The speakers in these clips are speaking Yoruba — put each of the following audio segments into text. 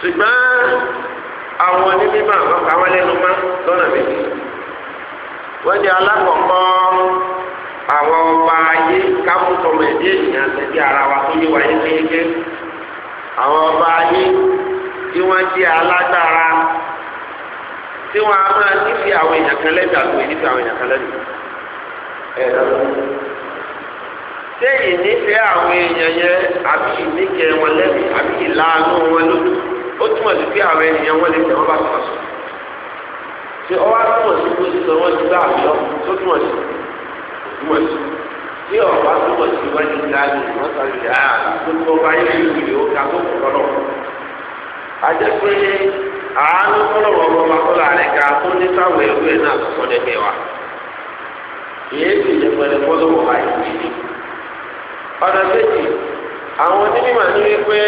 ṣùgbọ́n àwọn ní mímọ́ àwọn kà wọ́n lẹ́nu mọ́ lọ́nà méjì wọ́n di alákọ̀ọ́kọ́ àwọn ọba ayé kámútọ́mọ ẹ̀dí ènìyàn àtẹ̀bí ara wa tó yé wa yé kéèké àwọn ọba ayé tí wọ́n jẹ́ alágbára tí wọ́n á máa nífi àwọn èèyàn kan lẹ́bi àgbò nífi àwọn èèyàn kan lẹ́bi ẹ̀ẹ́dọ́gbọ̀n. ṣé ìnífẹ̀ẹ́ àwọn èèyàn yẹn àbí ìníkẹ́ wọn lẹ́bi àbí ìlànà wọn lójú ó túmọ̀ sí pé àwọn ènìyàn wọn lè tẹ̀ bá tẹ̀ si sọ. ọwọ́ túmọ̀ sí pé sísọ wọn ti bá àbíọ́ tó túmọ̀ sí túmọ̀ sí tí ọ̀pá túmọ̀ sí wọ́n ti á ah, ó ká pé àánú ọmọ ọ̀nà méjì àwọn onímọ̀ ní wípé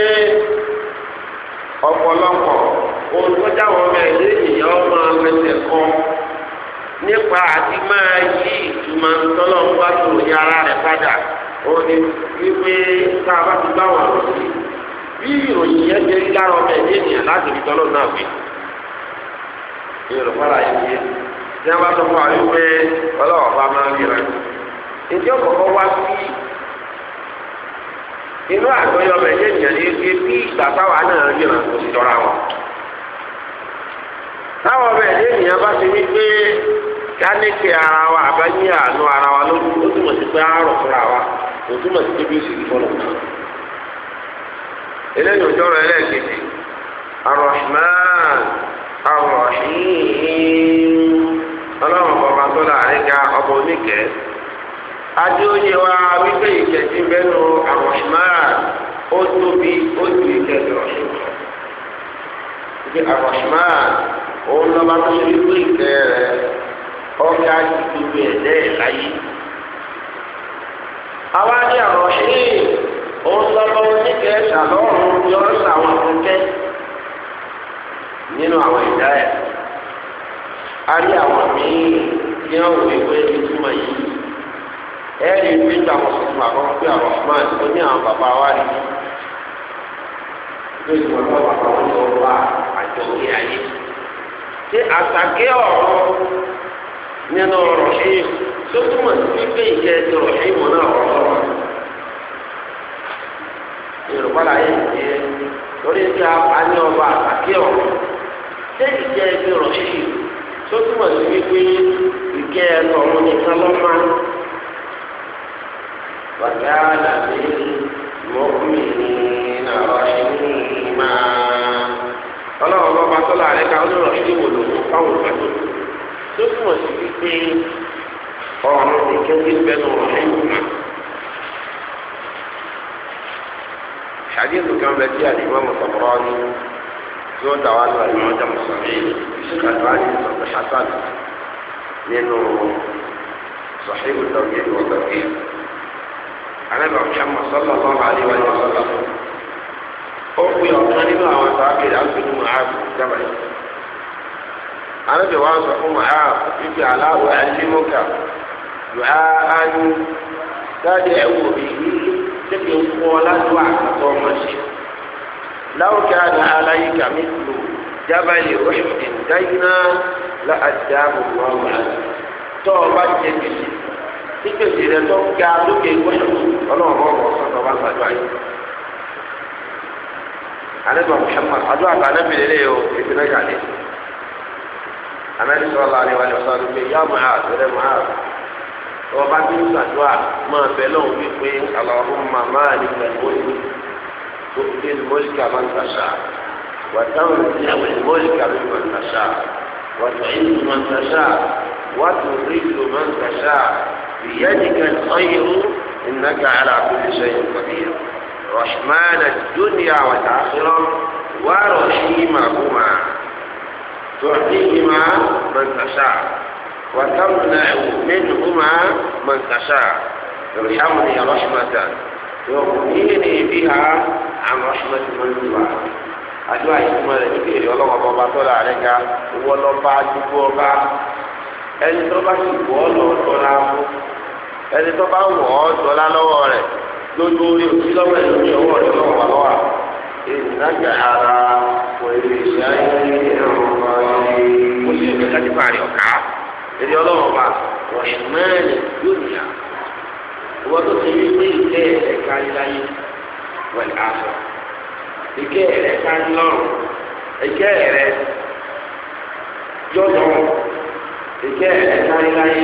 ọ̀pọ̀lọpọ̀ ohun tó dáwọ́ ọmọ ọmọ ẹsẹ̀ kan nípa àti máa yí ìtumọ̀ ń bá tó ara rẹ̀ padà wípé tá a bá ti bá wọn lòdì bí ìròyìn yẹn rí lára ọmọ láti rí náà wí. Yorùbá la bá tó fún wa wípé ọlọ́wọ́ bá máa ń inú àgbọ̀yọ̀ ya ènìyàn ní ike bí ìgbà táwa náà kò sí jọra wọn. táwọn ọmọ ẹ̀dẹ́ ènìyàn bá ti wí pé ara wa àbáyé àánú ara wa ló ó túmọ̀ sí pé àárọ̀ fúnra wa kò túmọ̀ sí pé bí ó sì rí fọ́nà. eléyìí òjò rẹ̀ ọlọ́run tó láàrin ga àti oyè wa wípé ìkẹtì bẹnu àwọn ìmáà ó tóbi ó ju ìkẹtì ọ̀ṣun lọ. ìdí àwọn ìmáà òun lọ́ba bá ṣe wípé ìkẹ́ rẹ̀ ọ̀gá ìdúró ẹ̀dẹ́ láyé. àwa ní àwọn ṣẹ́yìn òun yọ nínú àwọn ìdá ẹ̀. a àwọn míì e ìlú ìta wọn sọ fún àkọ́kọ́ pé tó ní àwọn bàbá wa rí ló ti bàbá wọn àjọ ní ayé. ṣé ọ̀rọ̀ nínú ọ̀rọ̀ ṣe tó túmọ̀ sí ìjẹ́ ṣe náà ọ̀rọ̀ yorùbá lórí ti a ní ọba ọ̀rọ̀ ṣé ìjẹ́ وكان بالمؤمنين رحيما ọlọ́run bá bá tọ́lá rẹ̀ ká ọlọ́run ṣe wò lòun fáwọn ìgbàdo tó túmọ̀ sí wípé ọ̀run ti kẹ́kẹ́ bẹ́nu ọ̀rẹ́ ìgbà. حديث كان بدي الإمام الطبراني يوم صحيح التوحيد والتوحيد anábì ọ̀ṣọ́mọ sọ́lọ́ lọ́wọ́ àríwá yóò sọ́lọ́ ó pe ọ̀kan nínú àwọn sábẹ́rẹ́ àgbẹ̀dún mọ̀háàbù dábàá yìí anábì wa sọ fún mọ̀háàbù fífi aláwọ̀ ẹ̀lẹ́mọ́kà yóò á ní dáadé ẹ̀wọ̀ mi tẹ́lẹ̀ ń fún ọ ládùú àkàtọ́ ọmọ ṣe láwùjọ àná aláyíká mi lò jábàlì rẹ̀ ìdáyiná láàdá gbogbo àwọn àti tọ́ ọ bá jẹ́ gbèsè nígbèsè rẹ tó ga lókè wáyé ọlọ́run bọ́ bọ́ sọ́dọ̀ bá gbàdúrà yìí. alẹ́bàá Muhammad àdúrà bá anábì lélẹ̀ o ètò náà yàlẹ́. anábì sọ̀rọ̀ láàrin wa ni wọ́n sọ̀rọ̀ pé yá máa àtẹ̀rẹ̀ máa tọ́wọ́ bá ti ń gbàdúrà máa bẹ̀ lọ́wọ́ wípé Allahumma máa ní ìgbàlódé tó ní mọ́lìkà máa ń gbàṣà wàtáwọn ìyàwó mọ́lìkà máa ń gbàṣà wàtò بيدك الخير إنك على كل شيء قدير رحمن الدنيا والآخرة ورحيمهما تعطيهما من تشاء وتمنع منهما من تشاء ارحمني رحمة تغنيني بها عن رحمة من سواك أدعى إسماعيل الكبير والله وبابا طلع عليك والله بعد بابا ẹni tó bá sì wọ ọ lọ dọla fún ẹni tó bá wọ ọ dọla lọ́wọ́ rẹ̀ lójú orí òsì lọ́wọ́ ẹni ní ọwọ́ rẹ̀ lọ́wọ́ wà lọ́wọ́ ìdájà ara kò lè ṣe ayé ẹ̀rọ ayé mo sì ń gbẹ́kájú bá rẹ̀ ọ̀ká ẹni ọlọ́wọ́ bá wọ̀nyí mẹ́rin yóò nìyà wọ́n tó ti rí pé ìtẹ́ ẹ̀ kárí láyé wọ̀nyí aṣọ ìkẹ́ ẹ̀ kárí lọ́rùn ìkẹ́ ẹ̀ yọ̀dọ̀ ìjẹ́ rẹ̀ kárí láyé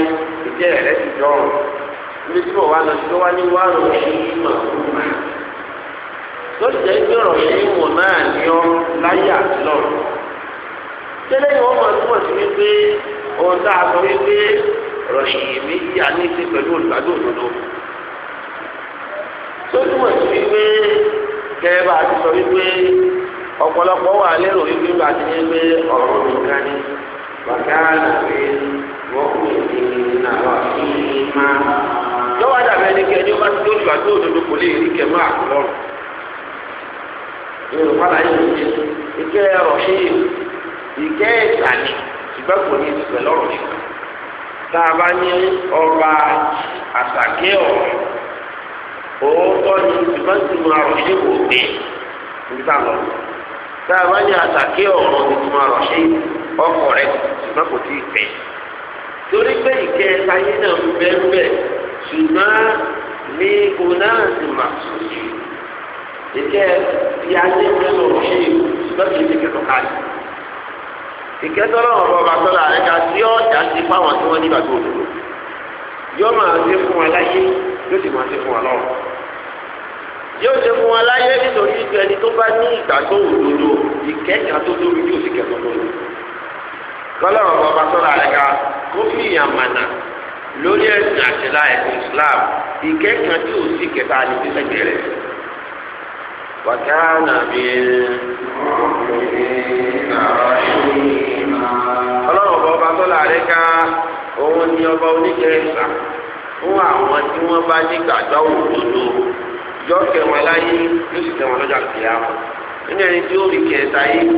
ìjẹ́ rẹ̀ ti dọ̀rùn níbi tí mo wá lọ sí tó wá ní wàrò yìí mà kúrò lórí jẹ́ yẹn náà ní ọ láyé àti tẹ́lẹ̀ yìí wọ́n máa wípé ohun tá sọ wípé ọ̀rọ̀ yìí mi yà ní pẹ̀lú olùgbàdo òdodo tó túmọ̀ sí wípé sọ wípé ọ̀pọ̀lọpọ̀ wà lérò wípé ní pé وكان بالمؤمنين رحيما lọ́wọ́ dàbẹ́ ni kẹ́ni ó bá ti lójú àti òdodo kò lè rí kẹ́mọ́ àkọlọ́rùn yorùbá la yóò ṣe ìkẹ́ rọ̀ṣìn ìkẹ́ ìsàlẹ̀ ṣùgbọ́n kò ní ìsìnkú lọ́rùn nìkan tá a bá ní ọba àṣàkẹ́ ọ̀rọ̀ òótọ́ ni ṣùgbọ́n tí mo rọ̀ṣìn kò dé níta lọ tá a bá ní àṣàkẹ́ ọ̀rọ̀ ni mo rọ̀ṣìn kò dé ọkọ rẹ ṣùgbọ́n kò tí ì fẹ́ torí pé ìkẹ́ ayé náà ń bẹ́ẹ̀ bẹ́ẹ̀ ṣùgbọ́n ní onáàtì màṣúṣì ìkẹ́ ti ayé mẹ́lò ṣe ṣùgbọ́n kì í ti kẹ́tọ̀ káyì ìkẹ́tọ̀ náà ọ̀bọ̀ bá tọ́lá rẹ̀ ká sí ọ̀jà ti fáwọn tí wọ́n nígbàgbọ́ òdodo yóò máa ṣe fún wa láyé yóò sì máa ṣe fún wa lọ́wọ́ yóò ṣe fún wa láyé nítorí ìgbẹ́ni tó bá ní ìgbàgbọ́ òdodo ìkẹ́kẹ́ tó tóbi yóò sì kẹ́kọ̀ọ́ lọ́wọ́ kọ́lọ́run bọ́ba sọ́ra rẹ̀ ká kó fi ìyàn mànà lórí ẹ̀sìn àṣìlá ẹ̀sìn Islam ìkẹ́kàn tí ò sí kẹta ní sísẹ̀gbẹ̀ rẹ̀. wàkàánà bí ọlọ́run bọ́ba sọ́ra rẹ̀ ká òun ni ọba oníkẹ́sà fún àwọn tí wọ́n bá nígbàgbọ́ òdodo yọ kẹwọn láyé yóò sì tẹwọn lọ́jà kìlá nínú ẹni tí ó rí kẹta yìí.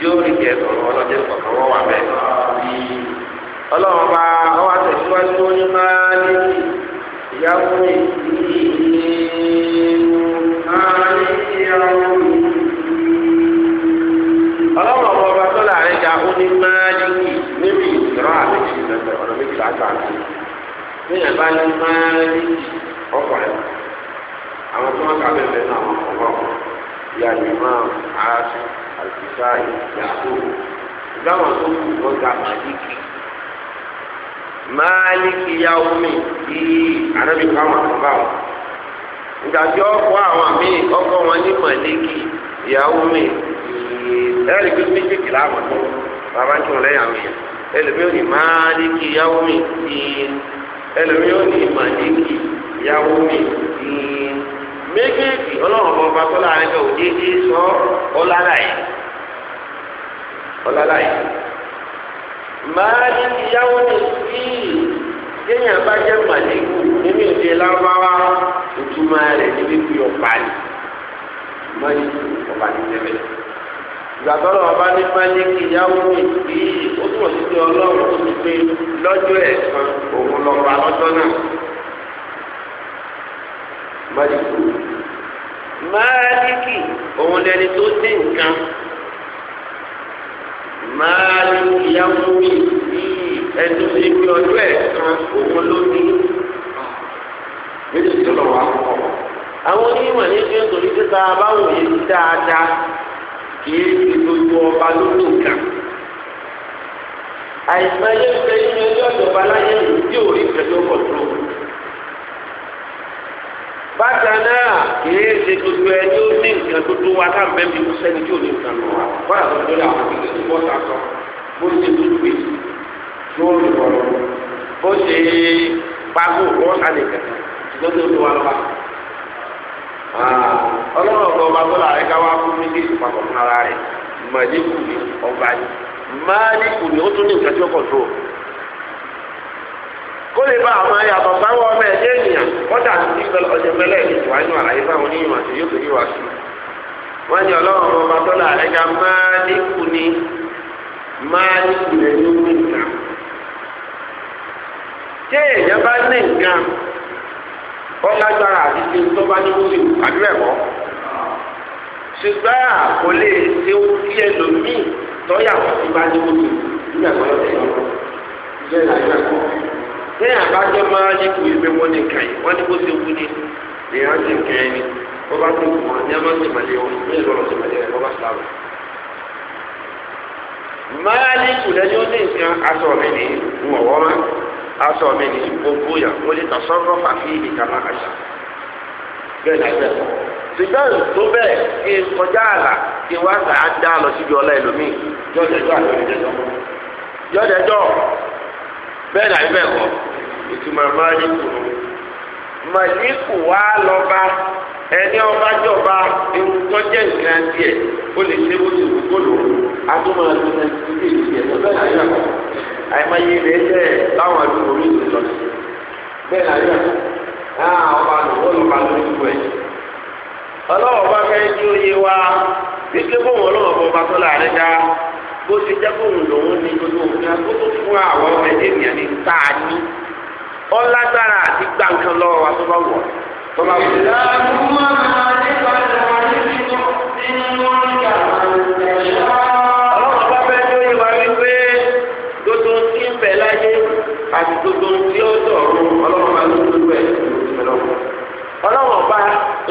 tí ó rí kẹ sọ̀rọ̀ ọlọ́jẹ́ kọ̀ọ̀kan wọ́n wà bẹ́ẹ̀. ọlọ́run bá ọwọ́ àtẹ̀síwájú ó ní máa ìyàwó ìdílé máa ní ìyàwó ọlọ́run ọmọ ọba àwọn tó náà wọn àlùfáà ìyàwó ìgbàwọn tó kù lọ ga màlíkì màlíkì yàwó mi bí anábì káwọn àbáwọn ìgbà tí ọkọ àwọn míì ọkọ wọn ní màlíkì yàwó mi ẹ̀rí pé méjèèjì láwọn tó bàbá ń tún lẹ́yìn àwọn èèyàn ẹlòmíràn ní màlíkì yàwó mi ẹlòmíràn ní màlíkì yàwó mi. méjèèjì ọlọ́run bọ̀ bá tọ́lá rẹ̀ bẹ̀ òjèèjì sọ ọlára yìí ọlára yìí máa ní ìyàwó ní bíi kéèyàn bá jẹ́ màlẹ́kù nínú ìdè lábáwá ìtumọ̀ rẹ̀ níbi fi ọ̀pá ni máa ní ọ̀pá tẹ́lẹ̀ ní ó pé ọlọ́run ti pé lọ́jọ́ ẹ̀sán òun lọ́ba lọ́jọ́ náà máàlìkì òun lẹni tó ní nǹkan máàlìkì yàwùmí bí ẹnu ibi ọjọ́ ẹ̀san òun ló ní. méjì tó lọ wá kọ́. àwọn onímọ̀ ní fi ń torí títa báwo yẹn ti dáadáa kì í fi gbogbo ọba ló ní nǹkan. àìsàn yẹn fẹ́ ní ọjọ́ ìjọba láyé tí ò rí ìfẹ́jọ́ kọ̀ọ̀tún bákan náà kìí ṣe gbogbo ẹni ó ní nǹkan dúdú wa tá à ń bẹ́ bí sẹ́ni tí ò ní nǹkan lọ wa wọ́n àti ọjọ́ àwọn ìgbésẹ̀ tí wọ́n ta sọ bó ṣe dúdú pé tí wọ́n lù wọ́n lọ bó ṣe pàgó wọ́n sálẹ̀ kẹta ṣùgbọ́n tó lù wá lọ́wọ́. ọlọ́run ọ̀gá ọba tó láàrin ká wá fún méjèèjì papọ̀ fún ara rẹ̀ màdíkù ni ọba yìí màdíkù ni ó tún ní nǹkan tí ó kọ̀ tó kó lè bá àwọn ẹ̀yà kọ́dà ní pẹ̀lú ọjọ́ mẹ́lẹ̀ ní ìwà inú àlàyé fáwọn onímọ̀ àti yóò tó yíwá sí. wọ́n ní ọlọ́run ọba tọ́lá ẹ̀ka máa dínkù ni máa dínkù rẹ̀ ní omi nǹkan. ṣé èèyàn bá ní nǹkan ó lágbára àti ṣe tó bá ní kúrò àbí ẹ̀kọ́? ṣùgbọ́n kò lè ṣe ó kí ẹlòmíì tọ́yàwó ti bá ní kúrò nígbà tó yọ ní àbájọ máa ní kú ibi wọn ní kàn wọn ní kó ṣe wú ní wọn bá tó kù wọn ní a máa ń tẹmẹlẹ wọn ní ìlú ọ̀rọ̀ rẹ wọn bá sábà. máa ní kùdẹ ní ó ní nǹkan aṣọ mi ní ń wọ̀ aṣọ mi ní gbogbo yà wọ́n ní tasọ́rọ́ fàfi ìdíkà bẹ́ẹ̀ dàbí bẹ́ẹ̀ kọ́ ìtumọ̀ máyíkù nù kù wá lọ́ba ẹni ọba jọba ìtọ́jẹ́ nǹkan tiẹ̀ ó lè ṣe bó ti wù kó lò á tó máa lọ sí ilé ìgbẹ́ náà bẹ́ẹ̀ dàbí bẹ́ẹ̀ kọ́ àìmọye rẹ̀ jẹ́ láwọn bẹ́ẹ̀ kọ́ náà ọba lọ́wọ́ bó ṣe jẹ́ kó òun lòun ní gbogbo nǹkan kó tó fún àwọn ọmọ ẹ̀dẹ́ ènìyàn ní tá a ní ó lágbára àti gbà nǹkan lọ́wọ́ wa tó bá wọ̀ tó bá wọ̀. ìlànà máa ń nípa ìlànà nínú nínú ìyàwó bẹ láyé àti gbogbo tí ó dọ̀rọ̀ ọlọ́run bá ló gbogbo ẹ̀ lọ́wọ́ ọlọ́run bá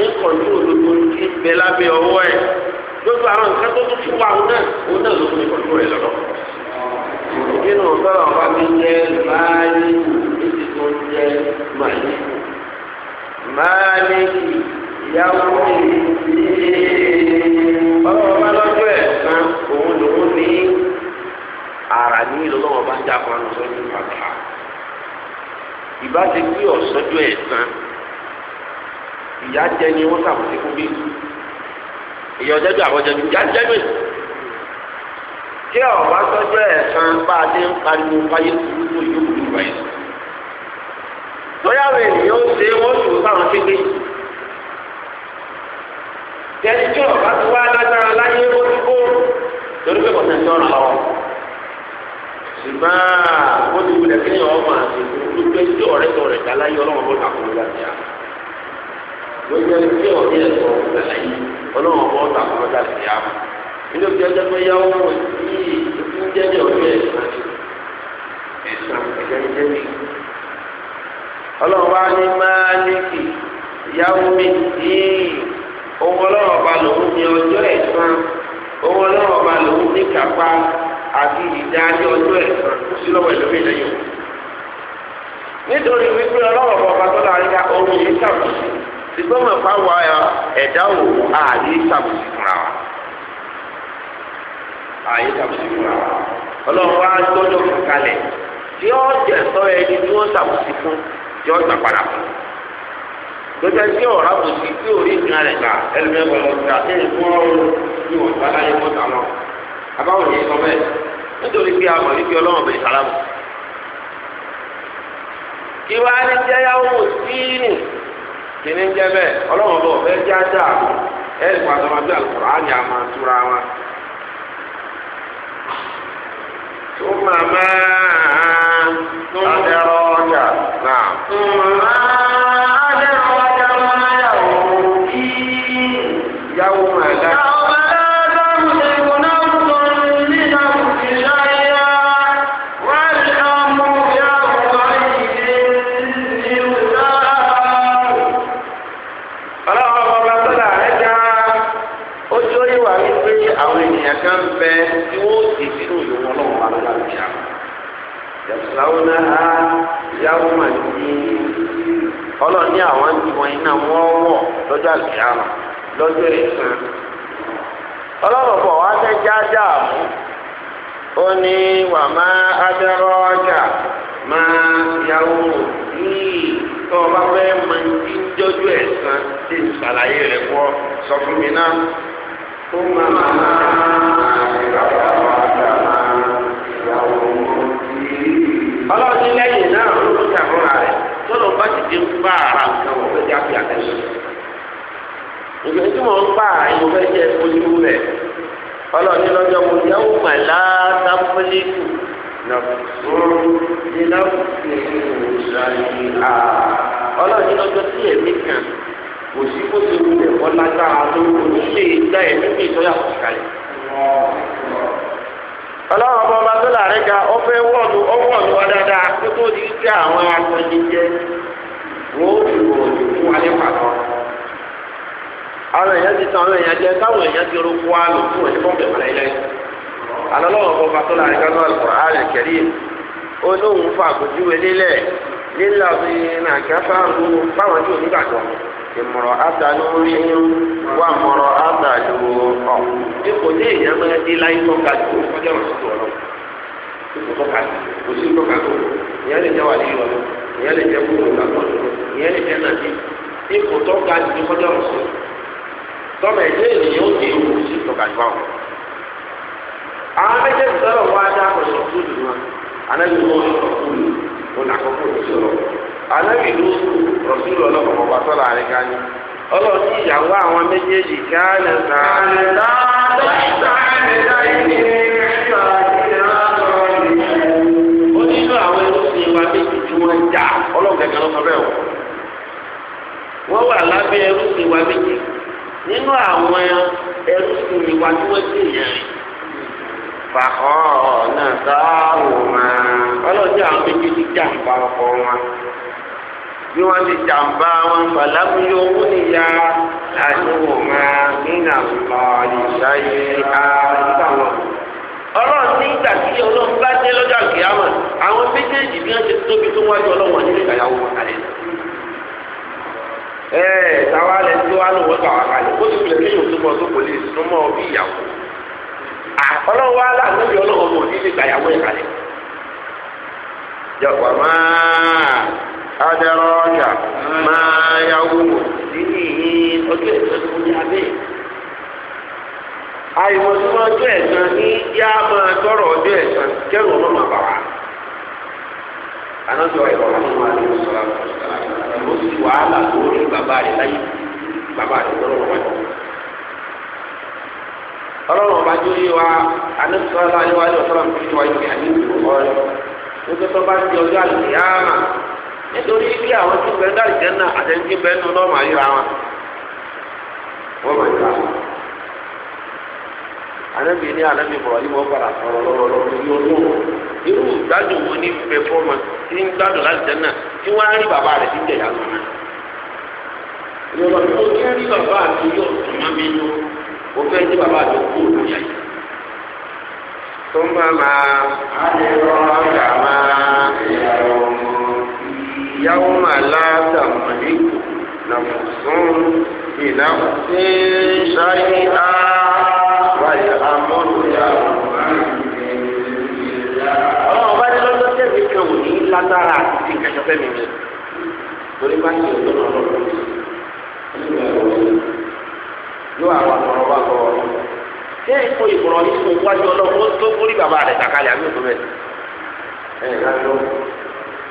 ń kọ̀ọ̀tún gbogbo tí bẹ lábẹ́ ọwọ́ ẹ̀ gbogbo àwọn nǹkan tó tún fún wa òun náà òun náà ló fi kọ́kọ́ rẹ̀ lọ́rọ̀. nínú sọ̀rọ̀ ọba mi jẹ́ máàlì èyí tó ń jẹ́ máàlì. máàlì ìyàwó mi ọ̀rọ̀ ọba lọ́jọ́ ẹ̀ kan òun lòun ní ara ní ìlọ́wọ́ bá ń jà fún àwọn sọ́jú pàtàkì. ìbá ti gbé ọ̀sọ́jú ẹ̀ kan ìyá jẹ́ ni wọ́n sàbòsí fún bí èyí ọjọ́jọ́ àwọ̀jọ́jú jájẹ́jú èyí. kí ọ̀bá bá a ti ń pariwo fáyé kúrú yóò kú wáyé. lọ́yà àwọn ènìyàn ń ṣe wọ́n sùn sáwọn pépé. tẹ̀sí tí ọ̀bá ti wá lágbára láyé ó ti kó torí pé kò tẹ̀ sí ọ̀ràn ṣùgbọ́n ó ti wulẹ̀ kí ni ọ̀ máa ṣe kó gbé tí ọ̀rẹ́ tó rẹ̀ dá láyé ọlọ́run bó ta kó lóyà lójú ẹni tí wọn bí ẹsọ lẹlẹ yìí Ọlọ́run ọkọ ọta kọ lọjà lè yá mọ nínú ìjọ ẹjọ pé yáwó wọn yìí ti ń jẹjẹ ọjọ́ ẹsán ni ẹjẹ ẹjẹ mi Ọlọ́run wa ní máa ní kì yáwó mi yìí òun Ọlọ́run ọba lòun ní ọjọ́ ẹsán òun Ọlọ́run ọba lòun ní kápá àti ìdájọ ọjọ́ ẹsán kò sí lọ́wọ́ ẹlòmíì lẹ́yìn o nítorí wípé Ọlọ́run ọba tó láàrin ká yìí kàwé ṣùgbọ́n mọ̀ fáwọn ẹ̀dá ò ààyè ṣàbùsí fúnra wa ààyè ṣàbùsí fúnra wa ọlọ́run wa gbọ́dọ̀ kankalẹ̀ tí ó jẹ́ sọ ẹni tí wọ́n ṣàbùsí fún tí ó gbà padà fún gbẹgbẹ tí ọ̀rá kò sí tí orí ìgbìmọ̀ rẹ̀ gbà ẹlẹ́mẹ̀ wọlé ọ̀gá tí ẹ̀ fún ọ̀rọ̀ ní ọ̀gá láyé mọ́tà lọ abáwọn yìí sọ bẹ́ẹ̀ nítorí pé a mọ̀ ní kí ọlọ́run kini ń jẹ́ bẹ́ẹ̀ ọlọ́run bọ̀ fẹ́ jẹ́ ajá àbò ẹ̀rì pàtó bí máa túra wa. tó máa máa ń ọjà lọ́jọ́ àlùkìyàmù lọ́jọ́ ìsìn ọlọ́run bọ̀ Onye fẹ́ já dààmú ó ní wà má abẹ́rọ́ ọjà máa yàwó yìí tó o bá fẹ́ máa ń jọ́jú ẹ̀sán tí rẹ̀ sọ fún mi máa ìgbà tí mo ń pa ìmọ̀ fẹ́ jẹ́ ojú rẹ̀ ọlọ́ọ̀ni lọ́jọ́ mo jẹ́ ó mà látàkùnlé tù nàfún ní láwùjọ ìṣàlẹ̀ à ọlọ́ọ̀ni lọ́jọ́ tí ẹ̀mí kan kò sí kó ti wù ẹ̀ kọ́ lágbára tó ní lè dá ẹ̀mí mi tó yàtọ̀ kalẹ̀. ọlọ́run ọba ọba tó làárẹ̀ ga ọ fẹ́ wọ́ọ̀lù ọ wọ́ọ̀lù wa dáadáa kó tó di kí àwọn akọni jẹ wọ́n ó fi wọ́ọ̀lù fún alẹ́ pàtó. àwọn èèyàn ti tan àwọn èèyàn jẹ káwọn èèyàn ti orúkọ wa lò fún òní fún bẹ̀rẹ̀ ilẹ̀ alọ́lọ́wọ́ kánú lílẹ̀ tí òní gbàgbọ́ ìmọ̀rọ̀ wà mọ̀rọ̀ ọ̀ ipò ní èèyàn máa di láyé tó ga jù ọjọ́ tó lọ ìyẹn lè jẹ́ wà ní ìrọ̀lẹ́ ìyẹn lè jẹ́ kúrò ìyẹn lè tọ́mọ ẹ̀jẹ̀ ènìyàn ó dé òkú sí ìtọ́kadìwá wọn. àwọn méjèèjì sọ̀rọ̀ wá dá àkọsọ̀ tó dùn wọn anábì mọ́ ọ̀kùnrin òun àkọ́kọ́ òun sọ̀rọ̀ anábì ló rọ̀súlù ọlọ́kọ̀ọ́ bá sọ̀rọ̀ àríkà ni ọlọ́run ìyàwó àwọn méjèèjì àwọn wa méjì tí wọ́n wọ́n wà lábẹ́ wa méjì nínú àwọn ẹrú sùnmi wa tí wọ́n ti yẹn rí fàkọ́ náà sáàrù máa ọlọ́dún àwọn méjèèjì jàǹbá ọkọ wọn bí wọ́n ti jàǹbá wọn pàlámúyé owó níyà àdúgbò máa nínà lọ́ọ̀lì sáyé àdúgbò. ọlọ́run ní tí ọlọ́run bá dé lọ́jọ́ àgbéyàwó àwọn méjèèjì bí wọ́n ti tóbi tó wájú nílé ìgbàyàwó wọn ẹẹ eh, táwa lẹ tó alówó gbà wá kalẹ̀ ó sì filẹ̀ kéèyàn tó mọ tó kò lè mọ bí ìyàwó ọlọ́run wa láàánú bí ọlọ́run mọ̀ nílé gbàyàwó ẹ̀ kalẹ̀ yọ̀pọ̀ ọjà yàwó nínú tó ọjọ ní yá máa tọrọ kẹrù ọmọ màbà wa. anájọ ẹ̀ wọ́n fún wa ní sọ́ra ló sì wàhálà lórí bàbá rẹ̀ láyé bàbá rẹ̀ lọ́rọ̀ wájú. ọlọ́run ọba jó yé wa anásọ́lá yé wa ní ọ̀sán àti ìjọba yóò fi àyè ìlú ọ̀rẹ́ nígbà tó bá di ọjọ́ àlùkè yára nítorí bí àwọn tí ń bẹ dáìjẹ́ náà àtẹ̀ńtì bẹ́ẹ̀ nù lọ́mọ àyíra wọn. wọ́n máa ń ta anabi ní anabi ibrahim ọgbàrà sọ̀rọ̀ lọ́wọ́lọ́wọ́ yóò lò ó irú gbádùn wo ní bẹ fọmọ tí ń gbádùn láti jẹ náà tí wọn á rí bàbá rẹ tí ń jẹyà lọ náà. ìrọ̀lọ́ tó kí á rí bàbá àti yóò tún mọ́ mi nú o fẹ́ tí bàbá àti òkú òkú yà yìí. tó ń bá máa á lè rọ ọ̀gá máa ìyàwó ìyàwó máa látàmọ̀ níkù nàfọ̀sán ìlànà ṣáyé á ọlọ́run bá ní lọ́jọ́ tẹ̀mí kan ò ní lágbára àti ìkẹjọ fẹ́mi mi torí bá ní ìlú náà lọ́dún yóò àwọn akọrọ wa kọ ṣé ipò ìkọrọ yìí kò wájú ọlọ́run tó kórì bàbá rẹ̀ kàkàlẹ̀ àbí òtún bẹ́ẹ̀. ẹ ẹ lọ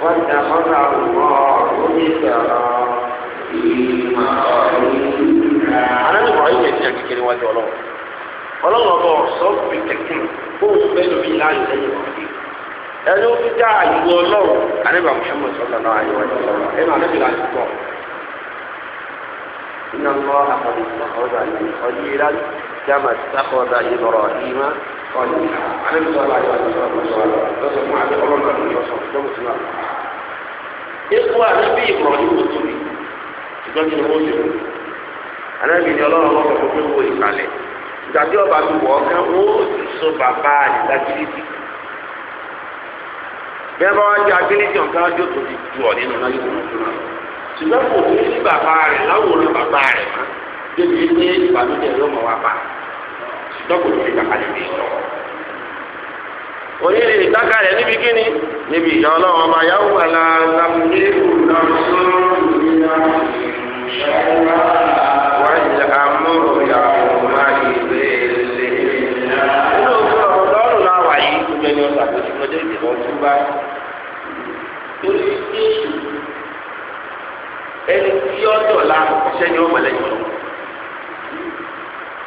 wọn ti àkọsà àwòrán ọdún ìṣẹ̀lẹ̀ ìmọ̀ ọ̀rẹ́ yìí. àná mi kọ̀ ọ́ yìí kẹ̀ ṣe kékeré wájú ọlọ́run ọlọ́run ọba ọ̀sọ́ fi kẹ̀kẹ́ fóun bẹ́ẹ̀ lómi láàyè lẹ́yìn wọn fi ẹni ó fi dá àyùwọ ọlọ́run àníbà Muhammad sọ̀tà náà àyùwọ ọlọ́run ẹ̀ máa lẹ́bi láti pọ̀ iná lọ àkọ́dé ìsàkọ́dà yìí ọdí ìlà jáma ìsàkọ́dà yìí lọ́rọ̀ ìmá ọ̀nì àníbà sọ̀tà àyùwọ ọlọ́run lọ́sọ̀ fún àbí ọlọ́run lọ́sọ̀ lọ́mùsùlá. ikú àníbí ìmọ̀ràn yìí tóbi ṣùgbọ́n kí ni wọ́n ṣe ìdájọ́ ọba ti wọ̀ ọ́kẹ́ wọ́n ó sì so bàbá àdìdágídítì bẹ́ẹ̀ bá wá di agídítì ọ̀gá ọjọ́ tó ti ju ọ̀ nínú náà yóò wọ́n fún wa ṣùgbọ́n kò ní sí bàbá rẹ̀ láwòrán bàbá rẹ̀ mọ́ débi ní ìbànújẹ́ yóò mọ̀ wá bá ṣùgbọ́n kò ní sí bàbá rẹ̀ bẹ́ẹ̀ lọ. onílé ìtaka rẹ̀ níbi kíni níbi ìyá ọlọ́run ọba yahoo aláàlámúlẹ́kùn náà sọ́ọ́ ẹni tí ó dọ̀la iṣẹ́ ni ó mọ̀ lẹ́yìn.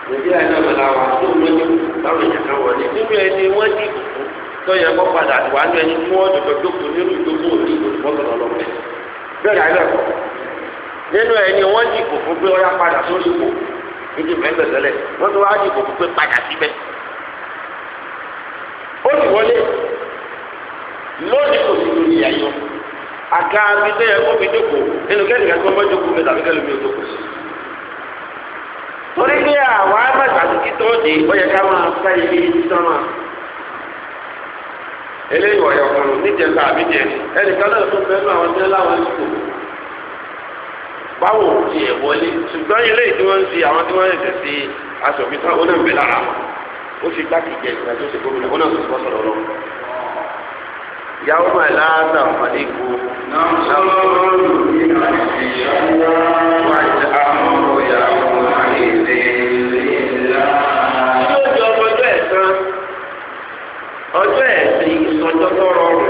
nàìjíríà náà mọ̀ làwọn àdéhùn ẹni báwọn èèyàn kan wọlé nínú ẹni wọ́n ti kùkú tọ́yẹ kọ́ padà wà nínú ẹni tí wọ́n dọ̀dọ̀ dókòó nínú ìdókòó òní ìgbòsíwọ́sọ̀rọ̀ lọ́pẹ́. bẹ́ẹ̀ ni àyẹ̀wò nínú ẹni wọ́n dìbò fún pé ọ̀yà padà sórí ipò níbi mẹ́fẹ̀ tẹ́lẹ̀ wọ́n tún wá dìbò fún pé padà síbẹ̀. ó sì wọlé lónìí kò sí lórí ìyá yìí àga bíi tó yẹ kó mi jókòó nínú kẹ́ni kan tó bá jókòó mi tàbí kẹ́ni mi ò jókòó sí. torí pé àwa e mẹ́ta títí tó dé ó yẹ ká máa fẹ́ ilé yìí tán máa. eléyìí wọ̀nyọ̀ kan níjẹta àbí jẹ ẹnìkan náà tó fẹ́ nù àwọn tẹ́lẹ̀ láwọn ìsìkò. báwo ti ẹ̀ wọlé ṣùgbọ́n ilé tí wọ́n ń fi àwọn tí wọ́n ń sí aṣọ òfin tán ó náà lára ó sì gbá kìkẹ́ ìgbà tó ṣe gómìnà ó tó ṣe bọ́ sọ̀rọ̀ lọ́wọ́ yàwó mà láàtà fàdíkù. wájú àmọ́ yàwó mà lè lè la. yóò di ọjọ́ ẹ̀sìn ìsọjọ́ tó rọrùn.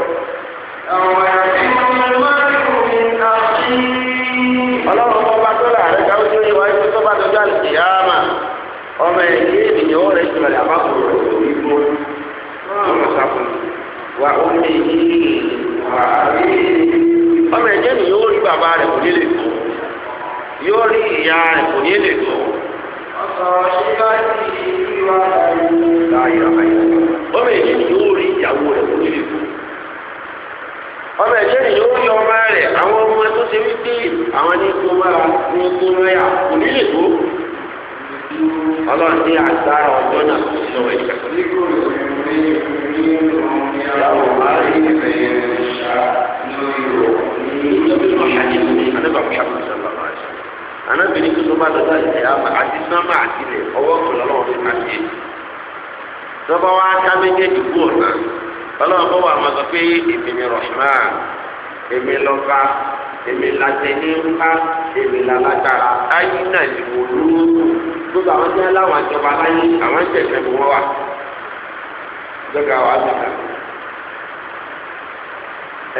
wà ó lè ọmọ ẹ̀jẹ̀ mi yóò rí bàbá rẹ̀ kò ní lè tó yóò rí ìyá rẹ̀ kò ní lè tó. ọmọ ẹ̀jẹ̀ mi yóò rí ìyàwó rẹ̀ kò ní lè tó ọmọ yóò rí ọmọ àwọn ọmọ tó ọlọ́run ní àgbára ọjọ́ náà lọ wẹ̀ ká. yàwó ìfẹ́ yẹn lórí bá dọ́tà ìṣẹ́ àmà àti sánmà àti ilẹ̀ ọwọ́ kọlọ́ lọ́wọ́ wa ká méjèèjì kú ọ̀nà bọ́ wà máa sọ pé èmi ni èmi èmi làjẹ ní ńlá èmi làlágbára ayé náà ni mo lóòótọ́ gbogbo àwọn tí wọn láwọn àjọba láyé àwọn ìṣẹ̀ṣẹ̀ ni wọ́n wà lọ́gà wà lọ́gà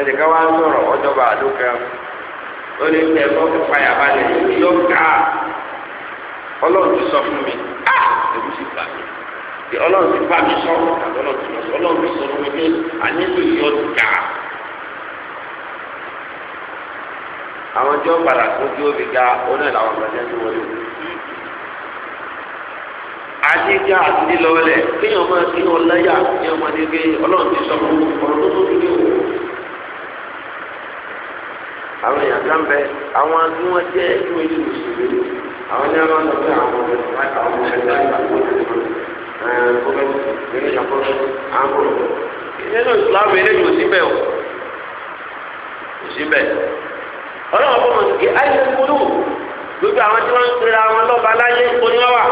ẹnìkan wá ń ọjọba àdókè ó ní tẹ ẹ̀kọ́ fífa yàrá rẹ̀ ti sọ fún mi á èmi sì gbà mí ọlọ́run ti ti sọ àwọn tí ó padà tó tí ó fi ga oní ìlànà ọ̀gbẹ́jẹ́ tó wọlé. àti ìjà àti ìlọ́wọ́lẹ̀ kéèyàn máa kí wọn lẹ́yà ní ọmọdé pé ọlọ́run ti sọ fún ọ̀rọ̀ tó tó kílé o. àwọn èèyàn kan bẹ àwọn tí wọ́n jẹ́ ìwé ìlú ìṣèlú àwọn ní àwọn ọ̀dọ́ pé àwọn ọmọ ẹ̀ka àwọn ọmọ ẹ̀ka ìgbàgbọ́ ìṣèlú ẹ̀ẹ́dọ́gbẹ̀rún ọlọ́run bọ̀ mọ̀ ní ayé kúrú gbogbo àwọn tí wọ́n ń pera wọn lọ́ba láyé oníwàwà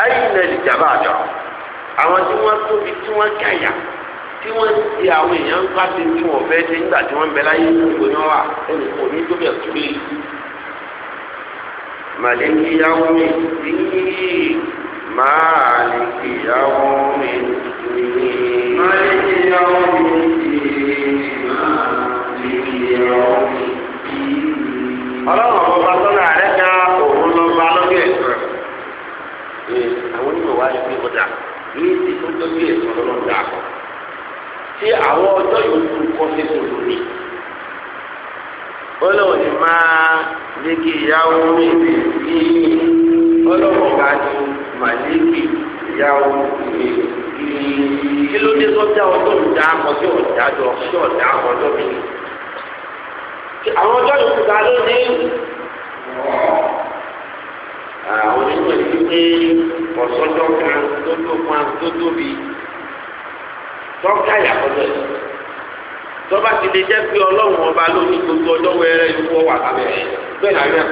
ayé ilẹ̀ ìjàmbá àjọ àwọn tí wọ́n tóbi tí wọ́n kẹ̀yà tí wọ́n ti àwọn èèyàn ń pàṣẹ tí wọ́n fẹ́ ṣe nígbà tí wọ́n ń bẹ láyé oníwàwà ẹnì kò ní tóbi ẹ̀kúrú yìí. màlẹ́kì yàwó mi ti màlẹ́kì yàwó mi ti màlẹ́kì yàwó mi ti màlẹ́kì ọlọ́run ọ̀bọ̀bá sọ́nà ààrẹ ká òun lọ bá lọ́gbẹ̀ ẹ̀sán ẹ̀ àwọn onímọ̀ wá ní pípọ̀ dà ní ti tó lọ́gbẹ̀ ẹ̀sán lọ́lọ́run dà kọ́ tí àwọn ọjọ́ yòókù kọ́ sí tòlù ni ọlọ́run ni máa ní kí ìyàwó mi bì í ọlọ́run bá ní màlíkì ìyàwó mi kí ló dé tó dá ọjọ́ ìdá àkọ́jọ́ ìdájọ́ ọjọ́ ìdá àkọ́jọ́ mi. àwọn ọjọ́ yòókù ta ló ní àwọn onímọ̀ yìí pé ọ̀sọ́jọ́ kan tó tó kan tó tóbi tọ́ka ìyàkọ́jọ́ yìí tọ́ba ti lè jẹ́ pé ọlọ́run ọba ló ní gbogbo ọjọ́ wẹ́rẹ́ yìí wọ́ wà lábẹ́ bẹ́ẹ̀ náà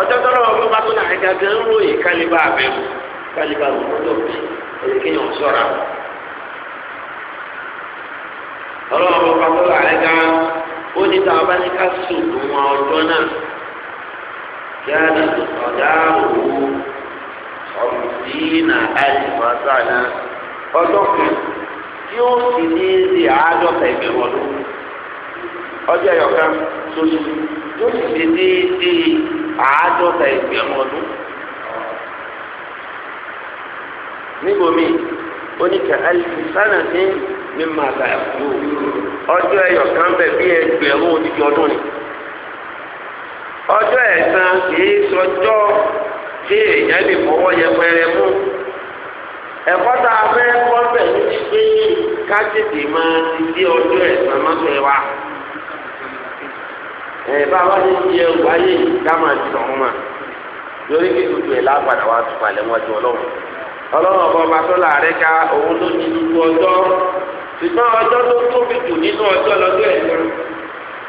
ọjọ́ tọ́lọ́ ọlọ́run bó kọ́ bọ́lá rẹ̀ ó ní tá a bá ní ká sùkú wọn ọjọ́ náà kí á lè ọ̀dà òwú ọ̀mùsínà àìmọ̀sánà ọjọ́ kan tí ó sì ní ilé àádọ́ta ọjọ́ sì ní ilé àádọ́ta níbo oníkà alifu sánà ní mímọ àtàkùn ọjọ́ ẹyọ kan bẹ bí ẹgbẹ̀rún odidi ọdún ni ọjọ́ ẹ̀san kìí sọjọ́ tí èèyàn lè fọwọ́ yẹpẹrẹ mú ẹ̀kọ́ tá a fẹ́ kọ́ bẹ̀ ní pé ká tètè máa ti dé ọjọ́ ẹ̀san mọ́tò wa ẹ̀ bá wá ní ti ẹrù wáyé dá máa ti sọ̀rọ̀ mà lórí kí tuntun ẹ̀ lápadà wá tupalẹ̀ wájú ọlọ́run ọlọ́run ọba ọba tó láàrẹ́ ká òun ló ní gbogbo ọjọ́ ṣùgbọ́n ọjọ́ tó tóbi jù nínú ọjọ́ lọ́jọ́ ẹ̀sán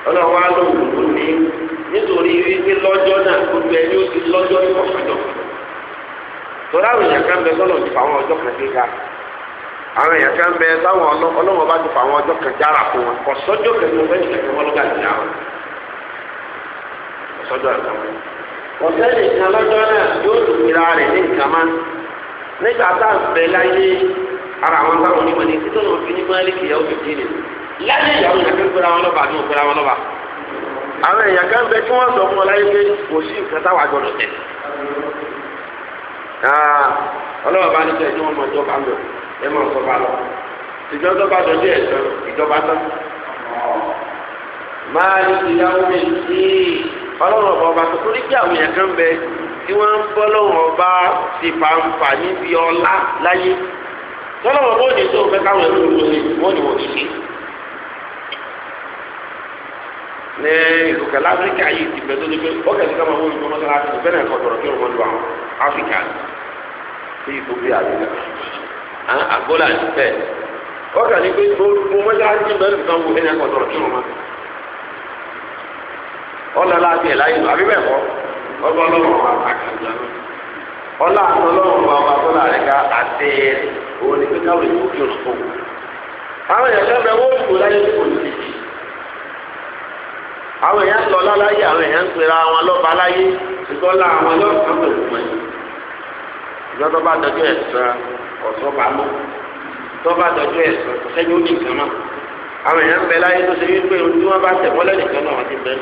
ọlọ́run wa ló wù ú ní nítorí wípé lọ́jọ́ náà gbogbo ẹni ó ti lọ́jọ́ ní ọ̀ṣọ́jọ́ tọ́lá àwọn èèyàn kan bẹ tọ́lọ̀ ti fà àwọn ọjọ́ kan gíga àwọn èèyàn kan bẹ táwọn ọlọ́run ọba ti fà àwọn ọjọ́ kan jára fún wọn ọ̀ṣọ́jọ́ kẹtù fẹ́ ìṣẹ̀kẹ́ wọn lọ́gà ìjà wọn ọ̀ṣọ́jọ́ ẹ̀kọ́ wọn. ọ̀sẹ́ nìkan lọ́jọ́ nígbà tá à ń bẹ láyé ara àwọn táwọn onímọ̀ ní títí wọn fi ní mọ́lẹ́kì yẹn ó fi dín ní. láyé ìyàwó yẹn kan gbéra wọn lọ́ba àti òkúra wọn lọ́ba. àwọn èèyàn kan bẹ tí wọ́n sọ fún ọ láyé pé kò sí nǹkan táwọn àgbọ̀dọ̀ tẹ̀. ọlọ́wọ́ bá ní kẹ́ ẹni wọ́n mọ ìjọba lọ ẹ mọ ìjọba lọ. ìjọba bá lọ ní ẹ̀sán ìjọba tán. máa ní ìyàwó mi ní ọlọ́run ọba ọba tó torí pé àwọn èèyàn kan bẹ tí wọ́n ń bọ́ lọ́run ọba ti fàǹfà níbi ọlá láyé tọ́lọ́run ọba ò ní tó fẹ́ káwọn ẹ̀rọ ìlú ṣe wọ́n ní wọ́n ti ṣe. ní ìlú kẹlẹ áfíríkà yìí ti bẹ tó ní pé ó kẹ̀sí ká máa wọ́n ìgbọ́n mọ́tò láti ṣe bẹ́ẹ̀ kọ̀ọ̀tọ̀rọ̀ kí wọ́n lu àwọn áfíríkà sí ìtòbí àbílẹ̀ àgbọ̀là ti bẹ́ẹ̀ ó kẹ̀ ní pé gbogbo mọ́tò láti ṣe bẹ́ẹ̀ ọlọ́lá tiẹ̀ láyé lọ àbí bẹ́ẹ̀ kọ́ ọgbọ́n ọlọ́run wà kàkàdà ọlá àtọlọ́run wà wà tọ́lá rẹ̀ ká àti òun ni pé káwọn èèyàn kí òṣùpọ̀ àwọn èèyàn lọ́bẹ̀ wọ́n kú láyé kò ní ìdí àwọn èèyàn lọ láláyé àwọn èèyàn ń pera wọn lọ́ba láyé ṣùgbọ́n la àwọn lọ́ọ̀kan pè fún ẹ ìgbọ́n tó bá dọjọ́ ẹ̀sán ọ̀sán mọ́ tó bá dọjọ́ ẹ̀sán sẹ́yìn ó ní nǹkan náà àwọn èèyàn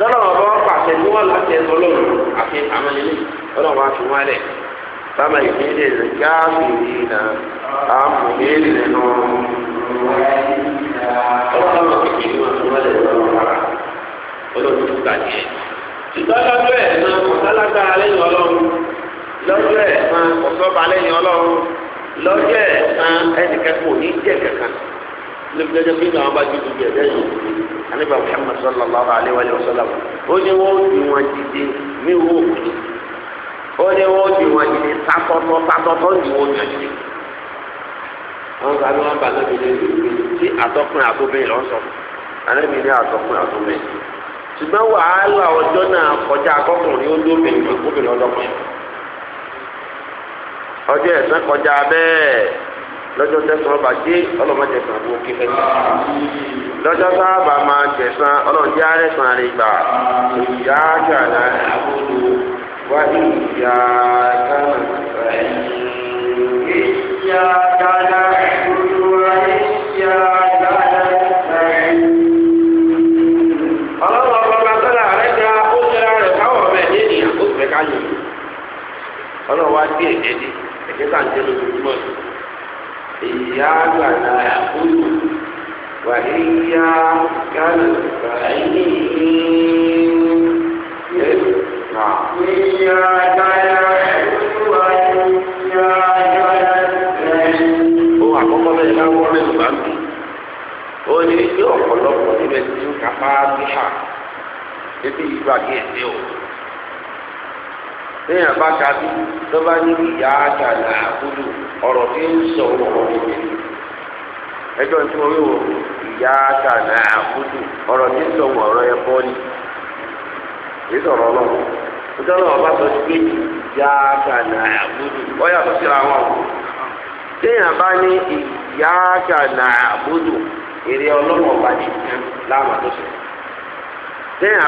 tọ́lọ̀ ọba wọn pàṣẹ tí wọ́n láti ẹ̀sọ́ lọ́rùn àfi àwọn ilé ọlọ́run wa fi wọ́n lẹ̀ sábà ìdílé rẹ̀ káàkiri náà àmúlélẹ̀ náà ọlọ́run kékeré wọn fi wọ́n lẹ̀ lọ́rùn rárá ọlọ́run tó gbà jẹ́. ṣùgbọ́n lọ́jọ́ ẹ̀ náà ọ̀sálágbára lẹ́yìn ọlọ́run lọ́jọ́ ẹ̀ náà ọ̀sọ́ba lẹ́yìn ọlọ́run lọ́jọ́ ẹ̀ náà ẹnìkẹ́kọ̀ọ́ ní jẹ́ kẹ̀kẹ́ anigba muhammad sallallahu alayhi wa sallam ó ní wọ́n di wọn dìde ní wo òkè ó ní wọ́n di wọn dìde sátọ́tọ́ sátọ́tọ́ ní wọ́n yàn dìde wọ́n sọ abẹ́ wọn bá lẹ́bi lẹ́bi lẹ́bi tí àtọ́kùnrin àtọ́bẹ̀yìn lọ́sọ alẹ́bi ní àtọ́kùnrin àtọ́bẹ̀yìn ṣùgbọ́n wàhálà ọjọ́ náà kọjá akọkùnrin ó lóbìnrin obìnrin ọlọ́kùnrin ọjọ́ ẹ̀sán kọjá bẹ́ẹ̀. lọ́jọ́ tẹ̀sán ọba dé ọlọ́mọdé wo kéfẹ́ tẹ̀. lọ́jọ́ sábà máa tẹ̀sán ọlọ́dẹ arẹ́sán rẹ̀ gbà ìyá kàdá àbúrò wá ìyá kàdá ìyá kàdá àbúrò wá ìyá ọlọ́wọ́ ọba rẹ̀ rẹ̀ káwọ̀ ọ̀bẹ ní ká yẹ. ọlọ́wọ́ á gbé sáà ń lójoojúmọ́ sí. إياك نعبد وإياك نستعين نعم إياك نعبد وإياك نستعين هو àkọ́kọ́ bẹ́ẹ̀ bá wọ́n mẹ́nu bá ń bì ó ní ní ọ̀pọ̀lọpọ̀ níbẹ̀ tí ó kápá bí hà ìgbà kí ẹ̀ dé o. téèyàn bá tó bá ní ìyá àjàlá àbúrò ọ̀rọ̀ tí ń sọ ọ̀rọ̀ níbi ẹjọ́ tí wọ́n wíwò ìyá àbúrò ọ̀rọ̀ tí ń sọ ọ̀rọ̀ yẹn bọ́ ni èyí sọ̀rọ̀ ọlọ́run nítorí bá sọ sí pé ìyá àbúrò síra wọn téèyàn bá ní ìyá àbúrò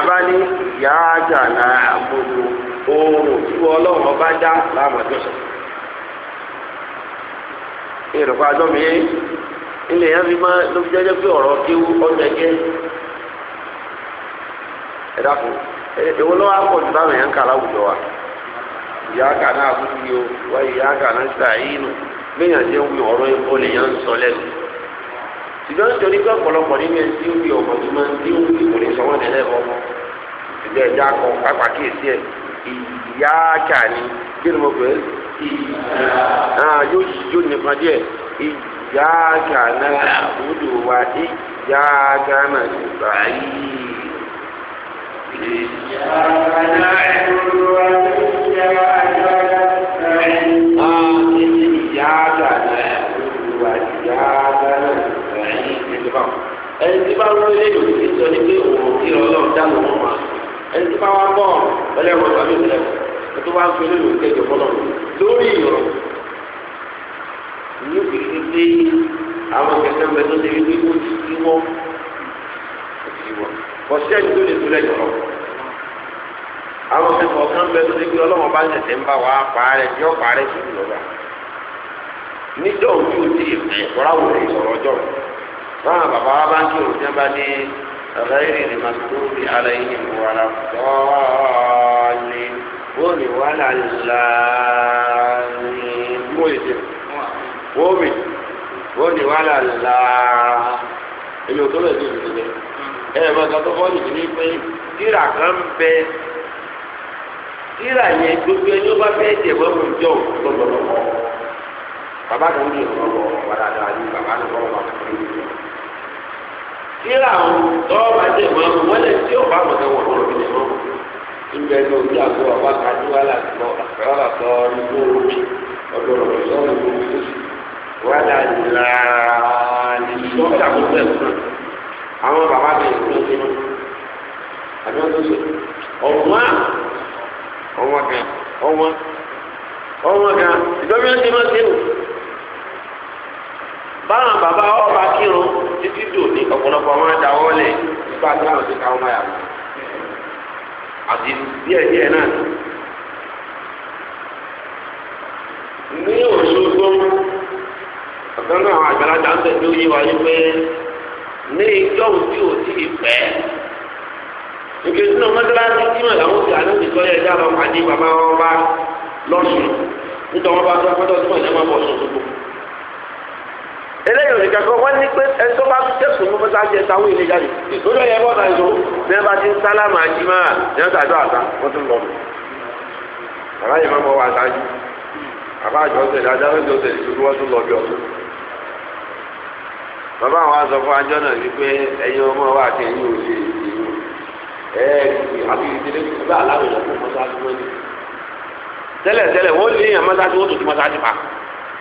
bá ní ìyá oòrùn tí ọlọ́run ọba dá láàmú ẹ̀dọ́sọ̀ ìrọ̀pá àjọ mi yé ilé yẹn fi máa ló fi jẹ́jẹ́ pé ọ̀rọ̀ kéwú ọ̀nà jẹ́ ẹ̀dá fún èwo lọ́wọ́ àpọ̀ jù báwọn èèyàn ń kà láwùjọ wa ìyá náà o wá ìyá náà jẹ́ wí ọ̀rọ̀ epo lèèyàn ń sọ lẹ́nu ṣùgbọ́n nítorí pé ọ̀pọ̀lọpọ̀ nínú tí ó fi ọ̀pọ̀ tó máa ń dín òkú sọ wọ́n ìyáàkà ni kí ni mo pè é ah, yóò yóò nípa díẹ̀ ìyáàkà náà àbúdò wa ìyáàkà náà nípa yìí. ìyáàkà náà àbúdò wa ìyáàkà náà ah, ẹni tí bá wọlé lòdì sọ ni pé òun kí ọlọ́run dáhùn wọn wá ẹni tí bá wà bọ̀ ọlẹ́wọ̀n tàbí ìlẹ̀kùn ẹni tó bá ń fi olóyè òkè jọ fọlọ́ lórí ìrọ̀ ní òkèké pé àwọn kẹsẹ̀ mẹ tó débi pé ó ti ti wọ́ ó ti wọ́ ni tó lè tó lẹ́yìn ọ̀rọ̀ àwọn kẹsẹ̀ ọ̀kan mẹ tó débi ọlọ́wọ́n bá ń tẹ̀sẹ̀ ń bá wa pààrẹ̀ tí ó pààrẹ̀ sí ìlọ́ba níjọ́ òun tí ó ti ìfẹ́ ìkọ́ra wò lè sọ̀rọ̀ ọjọ́ rẹ̀ báwọn bàbá wa bá ń kí òun tí wọ́n bá ní غير المغضوب عليهم ولا الضالين قل ولا اللالين قومي قل ولا اللالين èmi ò tó lè dé ìdílé ẹ ẹ mọ ìtàn tó fọ́ nìyí ni pé tíra kan bẹ tíra yẹn gbogbo ẹni ó bá fẹ́ jẹ mọ́ mi jọ òkú tó gbọdọ̀ kọ́ bàbá kan ní ìrànlọ́wọ́ wàdà dáa ní bàbá ní bọ́ọ̀ wà lórí ìlú kíra àwọn tọ́wọ́ bá jẹ́ ìmọ̀ àwọn wọlé tí ọba àmọ̀tẹ́ wọn kọ́ lóbi nìmọ̀ ìgbẹ́ ní ojú àgbo ọba kájúwá làtọ̀ àkàrà tọ́ nínú omi ọdún ọ̀rọ̀ sọ́ọ̀nù omi tó sì wà láàlá nìṣọ́ ìdàkúnṣe ẹ̀kọ́ àwọn bàbá mi ìlú ló ti mọ́ àbíwọ́n tó ṣe ọ̀wọ́n ọ̀wọ́n kan ọ̀wọ́n ọ̀wọ́n kan ìdọ́bí ó ti mọ́ sí ìwò. báwọn bàbá ọba kírun títí dòní ọ̀pọ̀lọpọ̀ máa dáwọ́ lẹ̀ nípa tí wọ́n ti àti díẹ̀ díẹ̀ náà. ní ọ̀gá náà àwọn àgbàlagbà ń ní oyé wa yí pé ní ìjọ òbí ò tí ì pẹ́ ìgbésí náà mọ́tàláṣí ti sọ yẹ pàdé bàbá kankan wọ́n ní pé ẹni tó bá tẹ̀sùn mú fẹ́ta jẹ sáwọn ilé jáde lórí ẹ̀yẹ bọ́ ọ̀tà ìṣòro ní ẹ̀bá ti ń sálámà àjímá ní ọ̀tà àjọ àtà wọ́n tún lọ. bàbá yìí máa mọ wà sáájú bàbá àjọ ọ̀sẹ̀ ìdájọ́ ọ̀sẹ̀ ọ̀sẹ̀ ìṣòro wọ́n tún lọ bí ọ̀sẹ̀. bàbá àwọn aṣọ fún ajọ́ náà ní pé ẹ̀yin ọmọ wa kẹ́ ẹ̀yin ò ṣe ẹ̀ẹ́dì àbí ìdílé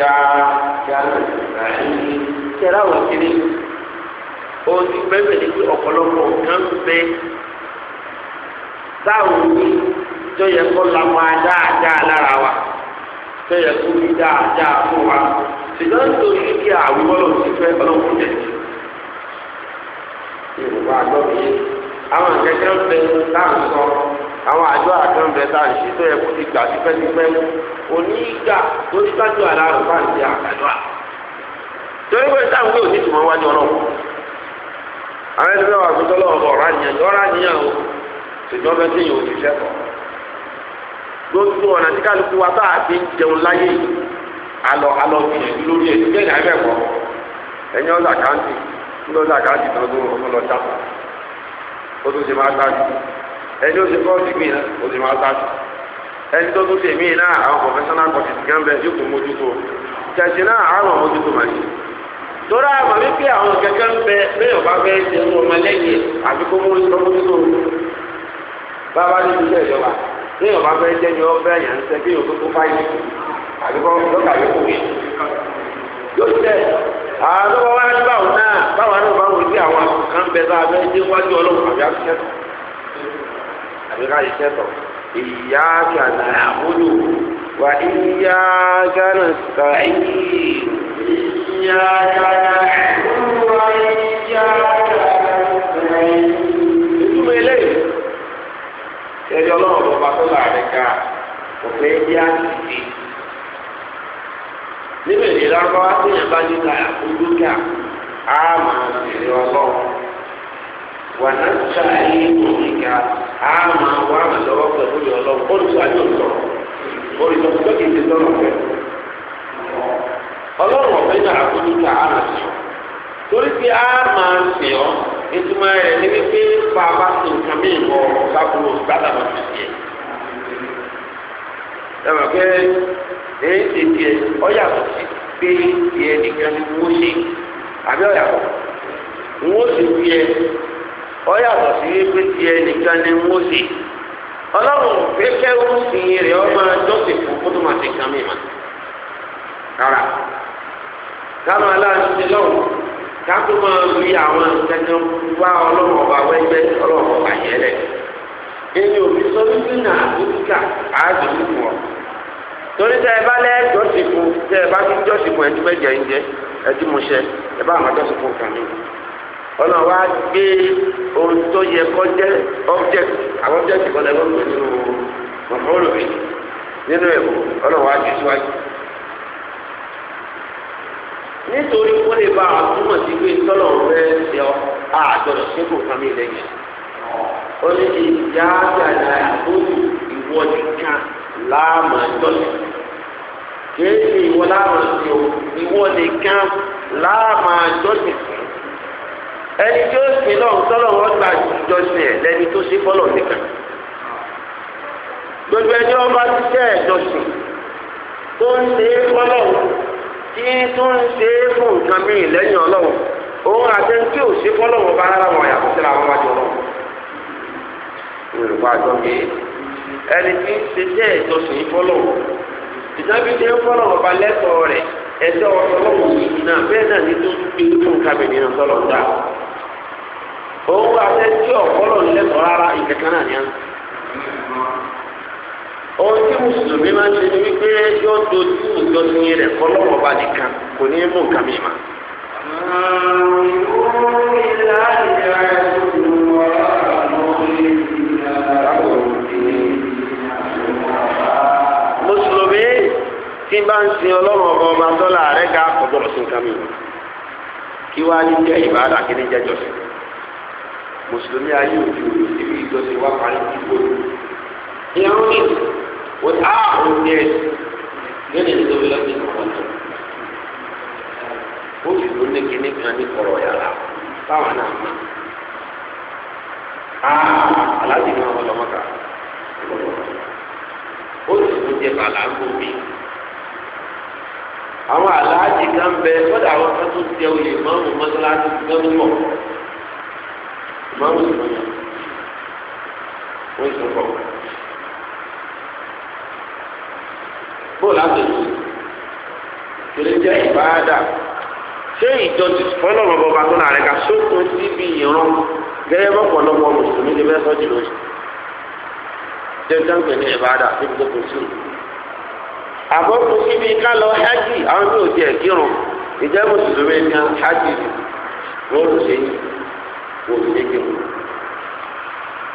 yá yá ìsirahìn kẹrẹ àwọn kiri o ti pẹ́pẹ́ ní pé ọ̀pọ̀lọpọ̀ nǹkan bẹ táwọn ní tó yẹ kó la máa dáadáa lára wa tó yẹ kó fi dáadáa fún wa ṣùgbọ́n nítorí kí àwọn ọlọ́run ti fẹ́ ọlọ́run jẹ ìrùbá àgbọ̀ àwọn akẹ́kẹ́ ń bẹ táwọn àwọn àjọ àkànbẹ tá a tọ ṣe tó yẹ kó ti gbà tipẹ́tipẹ́ onígbà tó ní kájú àlá rẹ̀ bá ń ṣe àkàjọ à. torí pé gbé òní wájú àwọn ẹni náà wà tọ́lọ́ ọ̀bọ̀ ọ̀rá nìyẹn ọ̀rá o bẹ́ẹ̀ tí ti ọ̀nà tí kálukú wa tá a ti ń jẹun láyé alọ alọ gbìyànjú lórí ẹ̀ ẹni ó ti kọ́ síbi náà ó ti ẹni tó tún ṣe mí náà àwọn professional courses gan bẹ yóò tún mójútó ṣẹ̀ṣẹ̀ náà àwọn mójútó máa ṣe. tóra àmọ́ wípé àwọn kẹ̀kẹ́ bẹ bẹ́ẹ̀ bá fẹ́ ṣe ní ọmọ lẹ́yìn àbí kó mú mójútó bàbá níbi iṣẹ́ ìjọba bẹ́ẹ̀ bá fẹ́ jẹ́ ń bí àbí kó yóò àwọn ọmọ náà àbí káyọ̀ kẹ́tọ̀ ìyá kàná àbúrò wà ìyá kàná sàáyé ìyá kàná àbúrò wà ìyá kàná sàáyé. ìtumọ̀ eléyìí ẹ̀rí ọlọ́run ló bá tó láàrin ká òfin bá ní ká àbúrò á máa bèrè ọlọ́run. wà á ta ayé ìmọ̀lẹ́ka á máa wá àlọ́wọ́ pẹ̀lú ìyọ̀ ọlọ́run olùsọ àti olùsọ olùsọ tó ti fẹ́. ọlọ́run ọ̀fẹ́ torí pé ìtumọ̀ ní wípé nǹkan mí ìwọ pé èyí ti pé nìkan ni wọ́n ṣe àbí wọ́n sì ọ yàtọ̀ sí wípé ti ẹnìkan ni wọ́n sì ọlọ́run pé kẹ́rù sí rẹ̀ ọmọ jọ́sìfù kó tó máa ṣe kan mìíràn rárá káwọn aláàánú ti lọ́wọ́ káàtó máa rí àwọn wá ọlọ́run ọba wẹ́gbẹ́ ọlọ́run ọba yẹn lẹ̀ èmi ò fi sọ wípé náà dókítà fún ọ torí tẹ ẹ bá lẹ tẹ ẹ bá ẹ bá àwọn ọlọ́run wá gbé ohun tó yẹ kó jẹ́ object àwọn object kan lẹ́nu nínú mọ̀fọ́lùmí nínú ẹ̀kọ́ ọlọ́run wá ju síwájú. nítorí wọ́n lè bá a túmọ̀ sí pé tọ́lọ̀ rẹ̀ ṣe ọ́ àjọyọ̀ ṣẹ́kù fami lẹ́yìn. ó ní ìyá àgbàdà àbójú ìwọ nìkan láàmú ẹjọ́sìn. kìí ṣe ìwọ láàmú ẹjọ́ ìwọ nìkan láàmú ẹjọ́sìn ẹni tí ó sin lọ́run tọ́lọ̀ wọn gba ìjọsìn ẹ̀ lẹ́ni tó ṣe fọ́lọ̀ nìkan gbogbo ẹni wọn bá ti tẹ́ ẹ̀jọsìn tó ń ṣe é fọ́lọ̀ tí tó ń ṣe é fún nǹkan mìíràn lẹ́yìn ọlọ́run òun àti ẹni tí ò ṣe fọ́lọ̀ wọn bá rárá wọn yàtọ̀ síra wọn wájú ọlọ́run olùkọ́ àjọ mi ẹni tí ń ṣe tẹ́ ẹ̀jọsìn fọ́lọ̀ ìjọba ìṣe fọ́lọ̀ wọn bá lẹ́tọ̀ọ́ rẹ̀ ẹ̀jọ́ ọlọ́run yìí náà bẹ́ẹ̀ náà ní tó òun àtẹ́tí ọ̀pọ̀lọ̀ lẹ́tọ̀ọ́ rárá ìkẹ̀kẹ́ náà ni á. ohun tí mùsùlùmí máa ń ṣe ni wípé yóò dojú ìjọsìn rẹ̀ kọ́lọ́wọ́ bá nìkan kò ní mú nǹkan mi mà. mùsùlùmí tí bá ń sin ọlọ́run ọba ọba tọ́lá rẹ̀ ga ọ̀gbọ́n sí nǹkan mi kí wàá ní jẹ́ ìbáradà kí ní jẹ́ jọ́sìn mùsùlùmí ayé òde òde ibi ìjọsìn wa parí ìbò ìrún ah, ni wò á òun ní ẹ lónìí ní tóbi lọ́sìn ìkọ̀kọ̀ náà ó sì ló ní kíní kan ní kọ̀rọ̀ yàrá táwọn náà mọ̀ á ah, aláàbí náà wọ́n lọ́mọ ká ó sì ló jẹ́ bàlá gbòmí àwọn aláàjì kan bẹ kọ́dà àwọn kan tó jẹ́ olè máa wù sùn yẹn wù sùn kọ. bóòlù àtẹ̀jú kìlẹ̀ jẹ́ ìbáradà ṣé ìjọsìn fọlọ́mọ bọba tó lára ká sókun síbi ìran gẹ́gẹ́ bọ́pọ̀lọpọ̀ mùsùlùmí ni bẹ́ẹ̀ sọ́jú lóṣù jẹ́ dáńgbẹ̀ ní ìbáradà níbi tó kù sí. àbọ̀kù síbi ká lọ hajj àwọn bí òdi ẹ̀ kírun ìjẹ́ mùsùlùmí ní hajj lóòrùn ṣe yìí wò ó lé kí n.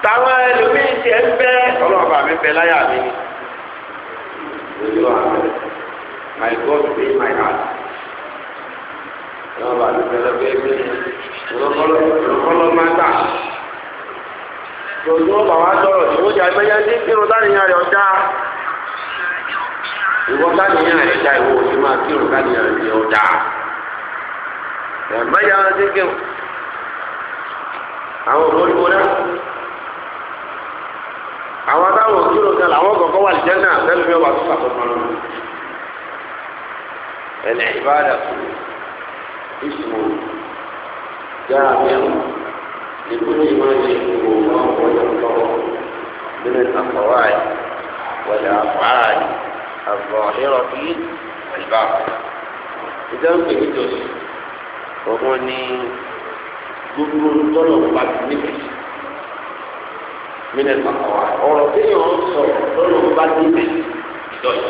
táwọn ẹlòmíín tiẹ̀ ń bẹ́ ọlọ́run bá mi bẹ láyà mi ni. lójú àná my God be my heart. ọlọ́run bá mi bẹ lọ́gbẹ́ ẹgbẹ́ ọlọ́kọ́lọ́ máa tà. lójú ọba wa sọ̀rọ̀ ìwọ́jà ìgbẹ́yà ní kírun táyà rẹ̀ ọjà ìwọ káníyàn rẹ dá ìwọ òsì máa kírun káníyàn rẹ ọjà. ẹ̀mẹ́yà ń dín kírun àwọn òmòdìbò náà àwọn táwọn òkúrò kan làwọn kọ̀ọ̀kan wà lìjẹ́ náà sẹ́nu mi wà tó sàkóso lọ. ẹnẹ ìbáradà tó ìsìnkú jáà mẹ́rin لكل ما يحبه الله ويرضاه من الأقوال والأفعال الظاهرة والباطنة. إذا كنت وهو gbogbo tọ́lọ̀ wà níbi mílẹ̀ pàpà wà ọ̀rọ̀ téèyàn ń sọ tọ́lọ̀ níbi ìdọ̀jì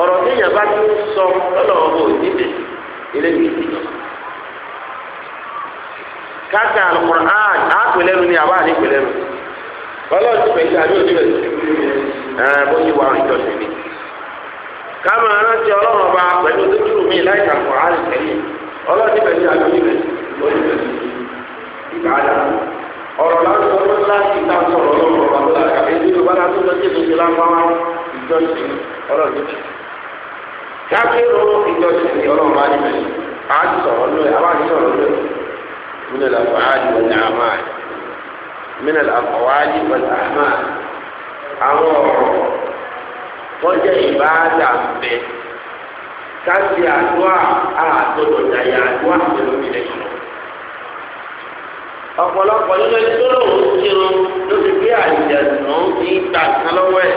ọ̀rọ̀ téèyàn bá tún sọ tọ́lọ̀ wà níbi eléyìí ìdọ̀ káàkiri àlùkùrọ̀ áà àpèlẹ́nu ni àbá àdékèlẹ́nu ọlọ́run ti pèsè àbí òdìbẹ̀ ẹ̀ bó ti wà ìjọsìn ni káàmù arántí ọlọ́run ọba pẹ̀lú dúdú mi ti onye ìgbà yìí ìgbà àdá ọ̀rọ̀ láti sọ̀rọ̀ láti ìta sọ̀rọ̀ lọ́rọ̀ ọ̀pọ̀lọpọ̀ nínú ẹni tó lòun ń kírun ló ti gbé àjẹsùn ní ìgbà kan lọ́wọ́ ẹ̀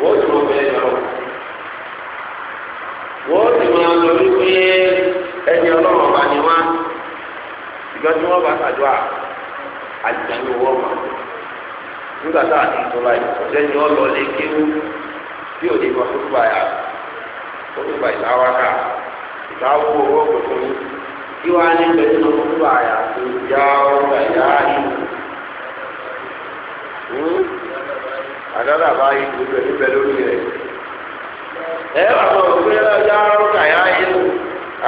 wọ́n ti mọ bẹ́ẹ̀ lọ. wọ́n ti máa lọ wípé ẹni ọlọ́run ọba ni wá ìgbà tí wọ́n bá nígbà tá a ti tó kéwú tó gbà yà gbà owó kí wàá ní pẹ̀lú ọmọ tó bá yà tó yá ọgbà yá ìlú. Hmm? àdọ́dà bá yí gbogbo ẹ̀ níbẹ̀ lórí rẹ̀. ẹ wà sọ pé yá ọgbà yá ìlú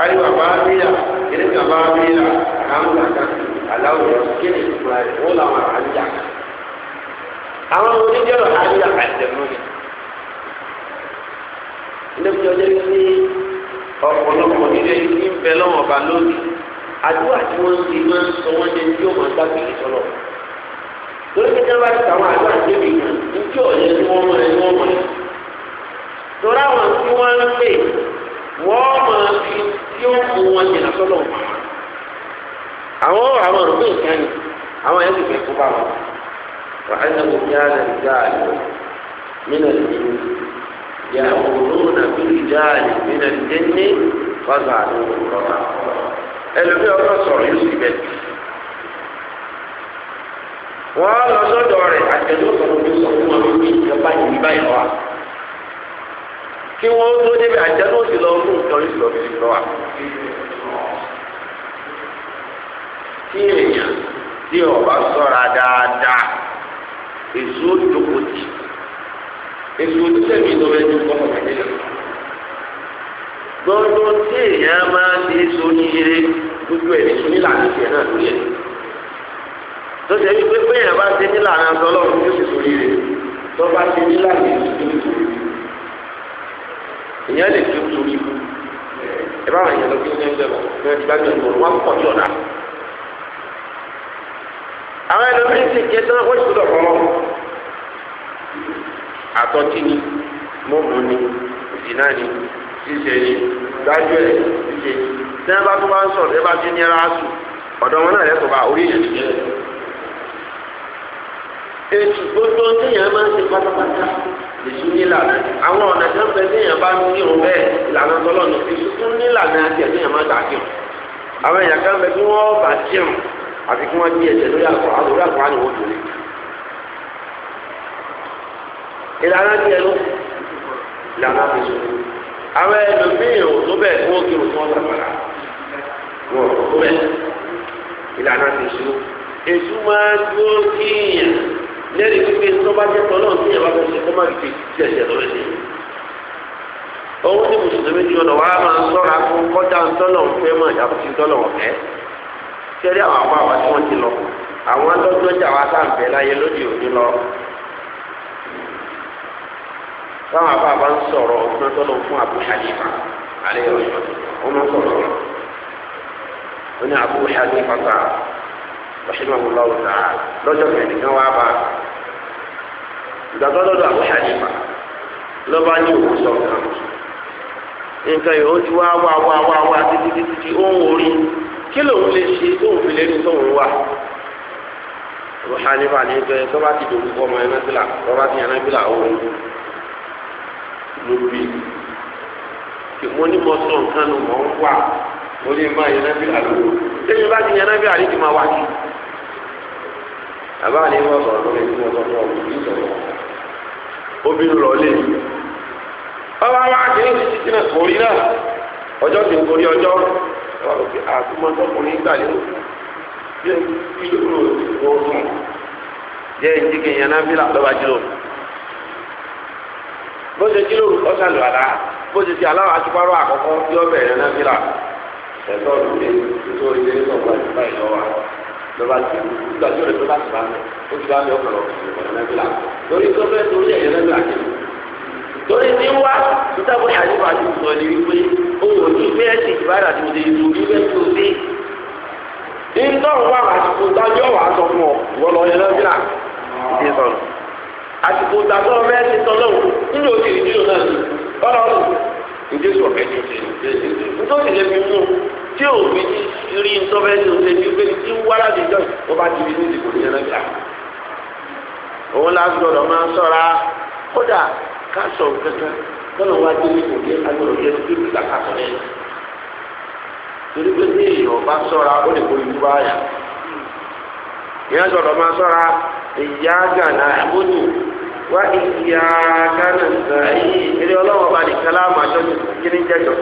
ariwa bá bí yà kìnìkà bá bí yà àwọn kàkà aláwọ̀ kíni ìgbà rẹ̀ wọ́n làwọn àjà. àwọn oníjẹ́rọ̀ àjà àjẹmọ́ni. ilé ìjọba yẹn ti ọ̀pọ̀lọpọ̀ nílé ní bẹ lọ́wọ́ ọba lónìí àdúrà tí wọ́n ti máa ń sọ wọ́n ní tí ó máa ń gbàgbé ìsọ̀rọ̀ lórí pé táwọn àti àwọn àdúrà débi kan níbi ọ̀yẹ́ tí wọ́n mọ̀ ẹ́ wọ́n mọ̀ ẹ́ tọ́lá wọn tí wọ́n ń pè wọ́n máa fi tí ó mú wọn jìnnà sọ́lọ̀ àwọn àwọn òrùn bẹ́ẹ̀ kan ni àwọn ẹ̀ lè fẹ́ kó bá wọn wà yàwòrán bíjáàlì nínú ẹni fásitì àdúgbò rọba ẹlòmí ọkọ sọ̀rọ̀ yóò sì bẹ wọn lọ sọ́dọ̀ rẹ̀ àtẹnudọ tó sọ fún wọn wípé ìjọba yìí báyìí wà kí wọn tó débi àtẹnudọ ti lọ fún ìtọ́jú sọ fún ìtọ́ wa tí èèyàn tí ọba ṣọ́ra dáadáa èso ìjókòó tì í èso oníṣẹ́mi tó bẹ́ẹ̀ ti kọ́ ọ̀rọ̀ nílẹ̀. gbọ́dọ̀ tí èèyàn máa ń di èso oníyere gbogbo ẹ̀ nìṣó nílànà ìfẹ́ náà ló yẹ. tó ṣe wípé pé èèyàn bá ti nílànà tọ́lọ́run yóò ṣètò rírè tó bá ti nílànà ìṣòro èèyàn lè fi oṣù rí ẹ bá wọn yẹn lọ kí ní ẹgbẹ́ wọn ní ẹgbẹ́ gbàgbé wọn wọn pọ̀ ní àwọn ẹlòmíràn ti jẹ tán wọn ṣùgbọ́n ọ̀pọ̀lọpọ̀ àtọ́tí ni mọ́mú ni ìdìnnà ni tí wọ́n bá tó bá ń sọ̀rọ̀ ẹ bá ti ní ara sùn ọ̀dọ̀ wọn náà lẹ́tọ̀ọ́ bá ti jẹ́ ètù gbogbo máa ń ṣe pátápátá àwọn ọ̀nà tó ń bẹ bá ń kírun bẹ́ẹ̀ ìlànà máa gbà kírun àwọn bẹ kí wọ́n kírun ìlànà tiẹ̀ ló ìlànà fi so àwọn ẹlòmíì ò tó bẹ́ẹ̀ kó kí o tó ọ̀sàmàlà wọn ò tó bẹ́ẹ̀ ìlànà fi so èso máa dúró kíyàn lẹ́yìn pípé tọ́ba jẹ́ tọ́ náà kíyàn bá fẹ́ ṣe kó má fi ti ẹ̀ṣẹ̀ lọ́wọ́ ẹ̀ṣẹ̀ owó ní mùsùlùmí ti ọ̀nà wàá máa ń sọ́ra fún kọjá ńtọ́lọ̀ ńfẹ́ mọ̀ ìyàtọ̀ sí ńtọ́lọ̀ ọ̀fẹ́ sẹ́rí àwọn àpá àwọn tí wọ́n ti lọ àwọn lọ́jọ́jà wa tá ń bẹ láyé lóde òní lọ táwọn àbá bá ń sọ̀rọ̀ ọgbọ́n tọ́lọ̀ fún Abu Hanifa alẹ́ yọ̀ wọ́n máa sọ̀rọ̀ rẹ̀ ní Abu Hanifa ta lọ́sẹ̀dọ̀ àwọn ọlọ́wọ́ ta lọ́jọ́ kẹ́ni kan wá bá ìgbàgbọ́ lọ́dọ̀ Abu Hanifa lọ́ba ní òkú sọ̀rọ̀ nǹkan yìí ó ti wá wá wá wá wá títí títí tí ó ń kí lòun lè ṣe fi wà Abu Hanifa ní tó bá ti fọmọ ẹ̀ náà ló mo ní mo sọ nǹkan nu ń wà mo yẹn nábì àlùkò tẹ́lẹ̀ bá ti yẹn nábì àlùkò máa wá àbá ni wọ́n sọ̀rọ̀ lórí ọ sọ fún ọ̀gbìn yìí sọ̀rọ̀ obìnrin lọ lé bàbá wa kìíní ti títí náà kò náà ọjọ́ ti ń gorí ọjọ́ wọ́n lọ sí gbà bí ẹni tí ó jẹ́ yẹn nábì bó ṣe lóru ọ̀sà lù àlá bó ṣe aláwọ̀ àtúpárọ̀ àkọ́kọ́ tí ó bẹ̀rẹ̀ náà fi là ẹ̀tọ́ ló dé tó ilé ní ọgbà ìgbà ìlọ wa lọba ti gbà tí ó lè tó bá ti bá mi ó ti bá mi ọkọ̀ lọ ìgbà náà fi là lórí tó fẹ́ torí ẹ̀yẹ náà fi là kéde torí ní wá ìtàbọ̀ ìhàlífà ti sọ ní wípé òun ò ní bẹ́ẹ̀ ti ìbára ti di ìlú ní bẹ́ẹ̀ tó dé. Iná wà àsìkò dájọ́ wà sọ fún ọ, ìwọ lọ yẹn lọ́jọ́ àti Àsìkò dájọ́ bẹ́ẹ̀ ti sọ lọ́wọ́. nínú òsì ìdílò náà ni bọ́lá ọ̀rọ̀ ìdílò ọ̀fẹ́ tó ti nítorí ìdílé fi mú tí ò fi rí ntọ́fẹ́ tó ṣe ti pé tí wàrà ti jọ tó bá ti rí ní ìdìbò ní ẹlẹ́gbẹ́ òun la gbọdọ̀ máa sọ́ra kódà ká sọ kankan kọ́nà wá dé ní agbọ̀dọ̀ yẹn tó sọ lẹ́yìn. torí pé tí èèyàn bá ó lè ìyá gbọdọ̀ máa ìyá gànà wá ìyá kánà sàáyé eré ọlọ́wọ́ bá nìkan láàmú àjọṣe kí ní jẹjọ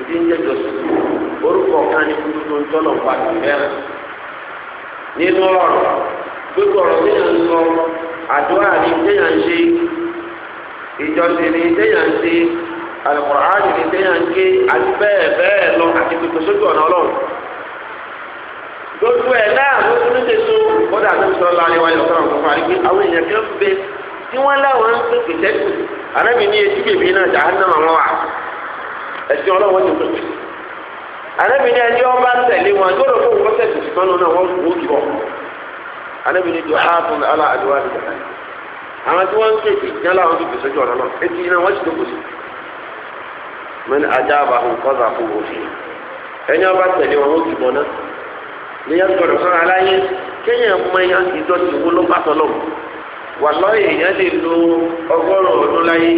ìdí ń jẹjọ sùn orúkọ kan ní kúndú tó ń tọ́lọ̀ pa ìfẹ́ràn nínú ọ̀rọ̀ gbogbo ọ̀rọ̀ tí yàn ń sọ àdúrà ní téyàn ń ṣe ìjọsìn ní téyàn ń ṣe alùpùpù ní téyàn ń ké àti bẹ́ẹ̀ bẹ́ẹ̀ lọ àti gbogbo sójú ọ̀nà ọlọ́run gbogbo ẹ̀ náà ló ń ṣe kódà tó ń sọ tí wọ́n láwọn ń pèpè sẹ́kù anábì ní etí bèbí náà jahannam àwọn wà ẹ̀sìn ọlọ́wọ́ ti pèpè anábì ní ẹni ọba tẹ̀lé wọn gbọ́dọ̀ fún wọn sẹ́kù sùpánù náà wọ́n kú ojú ọ̀ anábì ní duhatun ala àdúrà ti dàgbà àwọn tí wọ́n ń pèpè ní aláwọ̀ ti pèsè ojú ọ̀nà náà etí iná wọ́n ti tó kùsù mẹ́ni ajá àbáhùn kọ́sà fún òfin ẹni ọba tẹ̀lé wọn ó jùbọ̀ náà lè yàtọ̀ wà lọ́yẹ̀ èèyàn lè lo ọgọ́rùn-ún ọdún láyé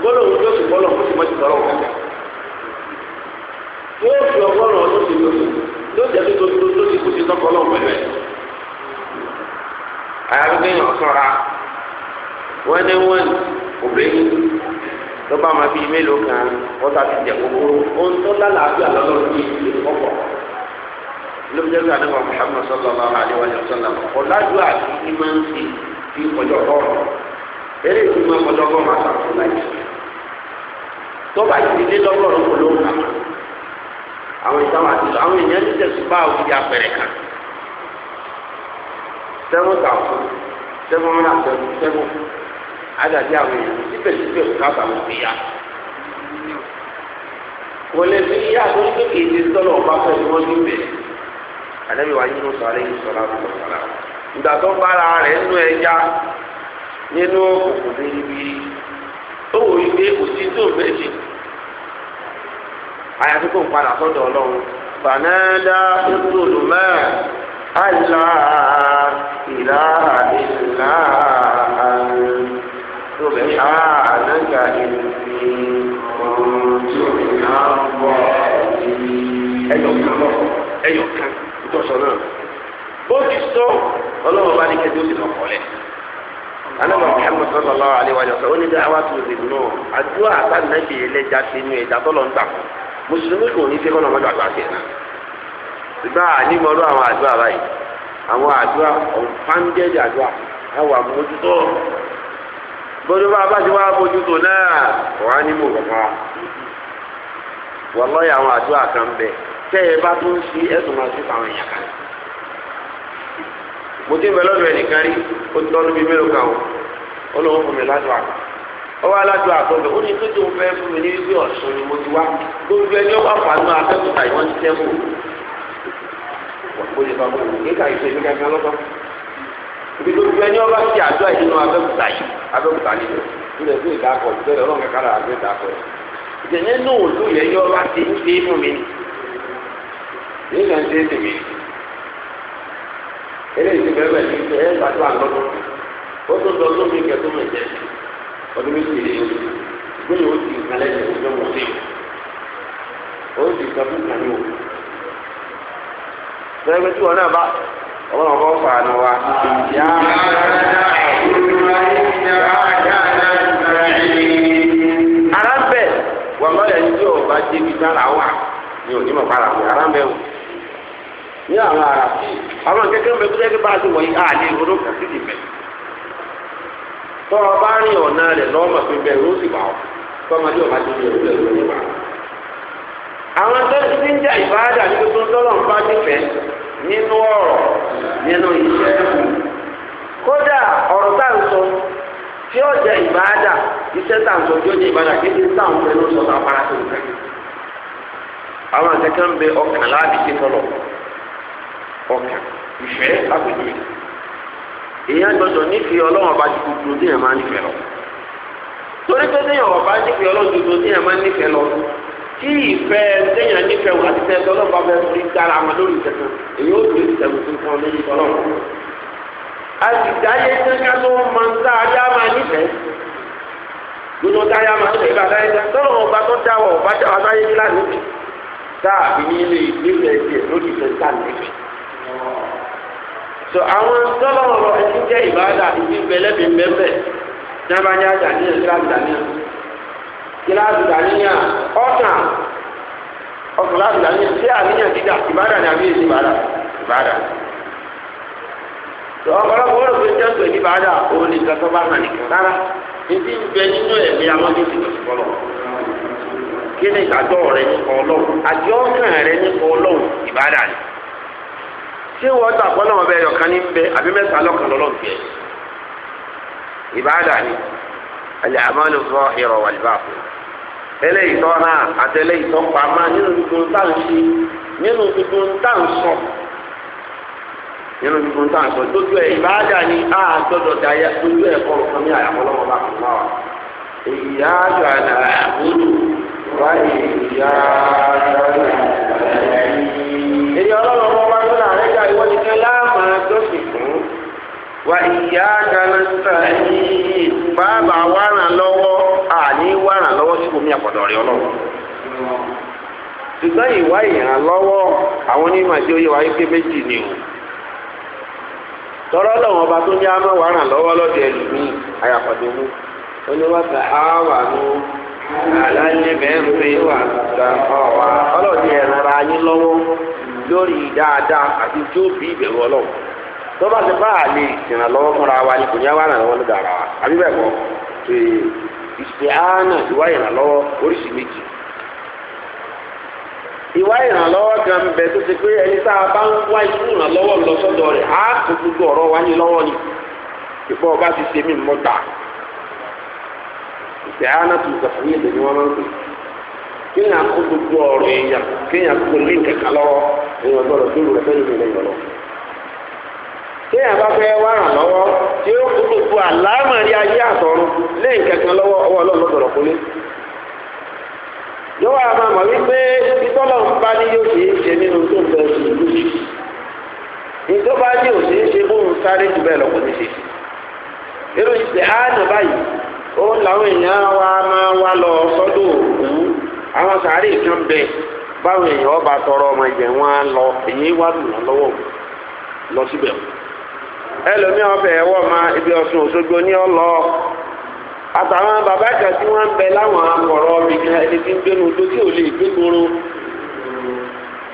gbólóhùn tó sì gbọ́lọ̀ kó sì mọ́ ti tọ́lọ̀ kàkà. yóò fi ọgọ́rùn-ún ọdún ti lò yóò jẹ́ tó tó ti kú ti tọ́kọ lọ́wọ́ pẹ̀lú ẹ̀. àyàgbé yàn sọ́ra wọ́n ní obìnrin tó bá máa fi mélòó kan wọ́n ti jẹ kókó ohun tó lálàáfíà lọ́lọ́run ní ìlú ọ̀pọ̀ lóbi jẹ́ pé àdébọ̀ Muhammad sallallahu alaihi wa sallam ọ̀làjú àti ìmọ̀ sí ọjọ́ kọ́ọ̀rọ̀ eléyìí tó máa ọjọ́ kọ́ọ̀rọ̀ àtàkùn láì tó bá ti dé lọ́gọ́rùn kò ló ń kà àwọn ìtàwọn àti àwọn èèyàn ti tẹ̀sùn bá òkè apẹ̀rẹ̀ kan seven thousand seven hundred and seventy seven àdàdé àwọn èèyàn síbẹ̀síbẹ̀ kò ká bàwọn fi yá kò lè fi yá tó ń kékeré sọ́lọ̀ ọba pẹ̀lú wọn níbẹ̀ àdàbí wa yín ló sọ alẹ́ yìí sọ láti lọ sọ ìgbà tó bára rẹ̀ nínú ẹja nínú òkùnkùn níbi tó wò yí pé kò sí tó méjì àyàfi kò ń padà sọ́dọ̀ ọlọ́run fanada ìtòlù àìlá ìlà ìlà àrùn ànágà ìrìn ọ̀run tí ò ní náà ń ẹ̀yọ̀ kan ẹ̀yọ̀ kan ìtọ́sọ̀ náà. ó ti sọ ọlọ́run bá ní kẹ́tí ó sì lọ kọ́lẹ̀. anamọ muhammed sallallahu alayhi wa sallam ó ní bí awa tó lè nù àdúrà àtàlẹ́bí ẹlẹ́jà ti nu ẹ̀dá tọ́lọ̀ ń mùsùlùmí kò ní fẹ́kọ́ lọ́mọdé àgbà àwọn báyìí àwọn àwọn àmójútó bá a bá ti wá bójútó náà mo ti bẹ lọ́dọ̀ ẹnìkan rí ó ti tọ́nu bíi mélòó kan o ó lóun fún mi ládùá ó wá ládùá tó bẹ ó ní tó tó ń fẹ́ fún mi ní ibi ọ̀sùn ni mo ti wá gbogbo ẹni ó wà fàánù akẹ́kọ̀ọ́ àìmọ́ ti tẹ́ fún olè bàbá òun kíkà ìṣe mi kankan lọ́tọ̀ ibi tó gbé ẹni ọba ti àdúrà yìí nínú abẹ́kúta yìí abẹ́kúta nínú ilẹ̀ tó ìdá akọ ìbẹ̀rẹ̀ eléyìí ti bẹ́ẹ̀ bẹ́ẹ̀ ti ẹ́ pàtó àlọ́dún ó tó lọ lómi mi jẹ ọdún méjì lè gbóyè ó ti kalẹ̀ ní ọjọ́ wọn lé o ó ti sọ́kùn kàní o. sẹ́gbẹ́ tí wọn náà bá ọlọ́run kọ́ fà wa. ìyá ara bẹ̀ wọ́n lọ́yà ní tí o bá débi sára wà ní onímọ̀ para mi ara bẹ̀ wò. ní àwọn ara àwọn ń bẹ tó a ti wọ̀nyí sí ti bẹ̀. tọ́ ọ ọ̀nà rẹ̀ lọ́mọ ló sì bá ọ tọ́mọdé ọ̀bá ti bẹ̀rù bẹ̀rù ló ní bá. àwọn tó ti ti ń jẹ́ ìbáradà ní gbogbo tọ́lọ̀ ń bá nífẹ̀ẹ́ nínú ọ̀rọ̀ nínú iṣẹ́ kódà ọ̀rọ̀ tá à ń sọ tí ó jẹ ìbáadà iṣẹ́ tá à ń sọ tí ó kí àwọn akẹ́kẹ́ ń bẹ ọkàn ọkàn ìfẹ́ lápẹjùwe èèyàn gbọ́dọ̀ nífẹ̀ẹ́ Ọlọ́run ọba ju gbogbo tí èèyàn máa nífẹ̀ẹ́ lọ torí pé téèyàn ọba nífẹ̀ẹ́ Ọlọ́run ju gbogbo tí èèyàn máa nífẹ̀ẹ́ lọ tí ìfẹ́ téèyàn nífẹ̀ẹ́ wọn àti fẹẹ tỌlọ́run bá fẹẹ fi dára wọn lórí ìtẹsán èyí ó lè tẹ̀wé fún fún ọ lórí tỌlọ́run a sì dáyé sẹ́ńkà tó máa ń dá ayá máa nífẹ̀ẹ́ gbogbo táyà máa ń tẹ̀lé àdáyé sẹ́ńkà tỌlọ́run ọba tó dáwọ̀ ọba dáwọ̀ àdáyé nílànà tá àbí nílé ìgbésẹ̀ tiẹ̀ lórí ìtẹ̀sán so àwọn sọlọ́wọ́ lọ ẹni jẹ́ ìbáàdà ibi bẹ̀lẹ́bí bẹ́ẹ̀ ní abájá dàníyàn kíláàsì dàníyàn kíláàsì dàníyàn ọ̀sán ọ̀sán sí dídà àbí so ọ̀pọ̀lọpọ̀ wọ́n fi jẹ́ pé ìbáàdà òun ní ìtọ́sọ́ bá hàn nìkan rárá ibi bẹ nínú ẹ̀mí àwọn ti kí ni rẹ ọlọ́run àti rẹ ọlọ́run ṣé wọ́n gbà pọ́ náà bẹ́ẹ̀ yọ̀kan ní bẹ́ẹ̀ àbí mẹ́ta lọ́kàn lọ́lọ́ bẹ́ẹ̀ ìbáàdà ni alẹ́ àmọ́lù sọ ìrọ̀ wà lùbá fún eléyìí tọ́ náà àti eléyìí tọ́ pa máa nínú gbogbo táwọn ṣe nínú gbogbo sọ nínú sọ ìbáàdà ni a gbọdọ̀ ya kọ́ ní lọ́wọ́ bá fún wa Wa ìyá kanastain bàbá wàràn lọ́wọ́ àní wàràn lọ́wọ́ síbò mí àpọ̀dọ̀ ọlọ́run. ṣùgbọ́n ìwá àwọn onímọ̀ méjì ni o tọ́rọ́ lọ́wọ́ ọba tó ní àmọ́ wàràn lọ́wọ́ lọ́dọ̀ ẹlòmíì àyàpọ̀dọ̀ mú oníwàtà áwà nù àlàyé bẹ́ẹ̀ ń pè wà ọlọ́ọ̀dẹ ẹ̀rọ ara yín lọ́wọ́ lórí dáadáa àti tí ìbẹ̀rù ọlọ́run. tó bá ti bá a lè ìrànlọ́wọ́ fúnra wa ni kò ní àwọn àrànlọ́wọ́ dára wa àbí bẹ́ẹ̀ kọ́ ṣe ìṣe àánà ìwà ìrànlọ́wọ́ oríṣi méjì. ìwà ìrànlọ́wọ́ kan bẹ tó ti pé ẹni tá a bá ń wá ikú ìrànlọ́wọ́ lọ sọ́dọ̀ rẹ̀ ni ìfọ̀ ọba ti ṣe mí mọ́ ìṣe àánà tó ni wọ́n máa ń pè kéèyàn kó gbogbo ọ̀rọ̀ èèyàn kéèyàn kó téèyàn bá fẹ́ wá ràn lọ́wọ́ tí ó kúrò fún àlámọ̀rí ayé àtọ̀run lẹ́yìn kẹ̀kẹ́ lọ́wọ́ ọwọ́ ọlọ́run lọ́dọ̀ kúlé. yọ́wọ́ a máa wípé títọ́lọ̀ ń bá ní yóò ṣe nínú tó ń bẹ ṣe ìlú yìí. ní bá ní òṣèé ṣe mú un sáré jù bẹ́ẹ̀ lọ́kùnrin ṣe. wa máa wá lọ sọ́dọ̀ òkú àwọn sàárè kan bẹ ọba tọrọ ọmọ ìjẹ wọn lọ èyí wá lù wọn ẹlòmí ọbẹ̀ ẹ̀wọ̀ ma ibi Ọ̀ṣun Òṣogbo ní ọlọ àtàwọn bàbá kan tí wọ́n ń bẹ láwọn akọ̀rọ̀ ọmọbìnrin ẹni tí ń gbénu ojú tí ò lè gbé gbòòrò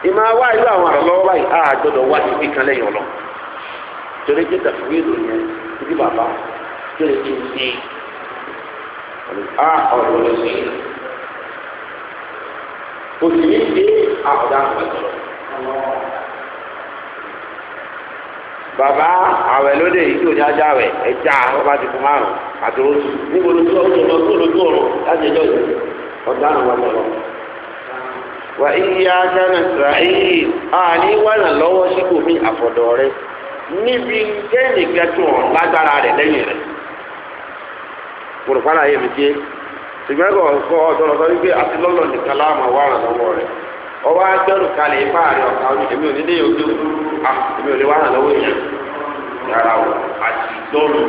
ìmọ̀ wá ìlú àwọn àlọ́wọ́ báyìí á gbọ́dọ̀ wá ibi kan lẹ́yìn ọ̀lọ́ torí pé tàfíwé ibi bàbá tó á ọ̀rọ̀ sí ní ṣe àkọ́dá Baba àwẹ̀ lóde yìí tí ò ní ajá ẹja ọba ti fún márùn àti oṣù níbo ló tó ọdún lọ tó lójú ọrùn láti ẹjọ́ yìí ọ̀dà àrùn wà lọ́wọ́. wà ìyá gánà sàáyé àní wàlà lọ́wọ́ síbò mi àfọ̀dọ̀ rẹ níbi kẹ́ẹ̀nì kẹtù lágbára lẹ́yìn mo rò fara mi ṣùgbọ́n wípé àti lọ́lọ́ nìkan láàmú lọ́wọ́ ọwọ́ agbẹ́rù kalẹ̀ a ah, èmi ò lè wá hàn yàrá o àti ìdọ́nù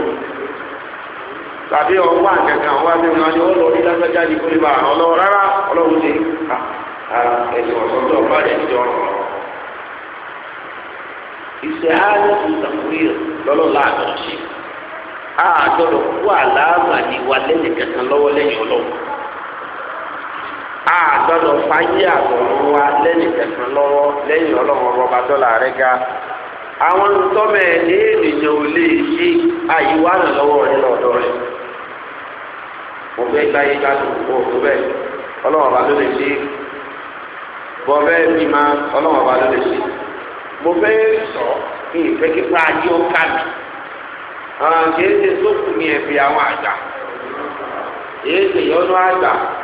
tàbí ọwọ́ àkẹ́kẹ́ àwọn wá nínú ayé ọlọ́ ní lágbájá ní kó rárá ọlọ́run ṣe ah, ah, ẹ̀sìn ọ̀sọ́tọ̀ ọba rẹ̀ ti ṣe kú àlàáfà a gbọ́dọ̀ fàyè àtọ̀run wa lẹ́yìn kẹsàn lọ́wọ́ lẹ́yìn Ọlọ́run rẹ ga àwọn ntọ́mọ ènìyàn ò lè ṣe àyíwá lọ́wọ́ rẹ rẹ mo fẹ́ gba yín bẹ́ẹ̀ Ọlọ́run ọba ló lè ṣe bọ́ bẹ́ẹ̀ bí ma Ọlọ́run ọba ló lè ṣe mo fẹ́ sọ kí ìfẹ́ kíkọ́ ajé ó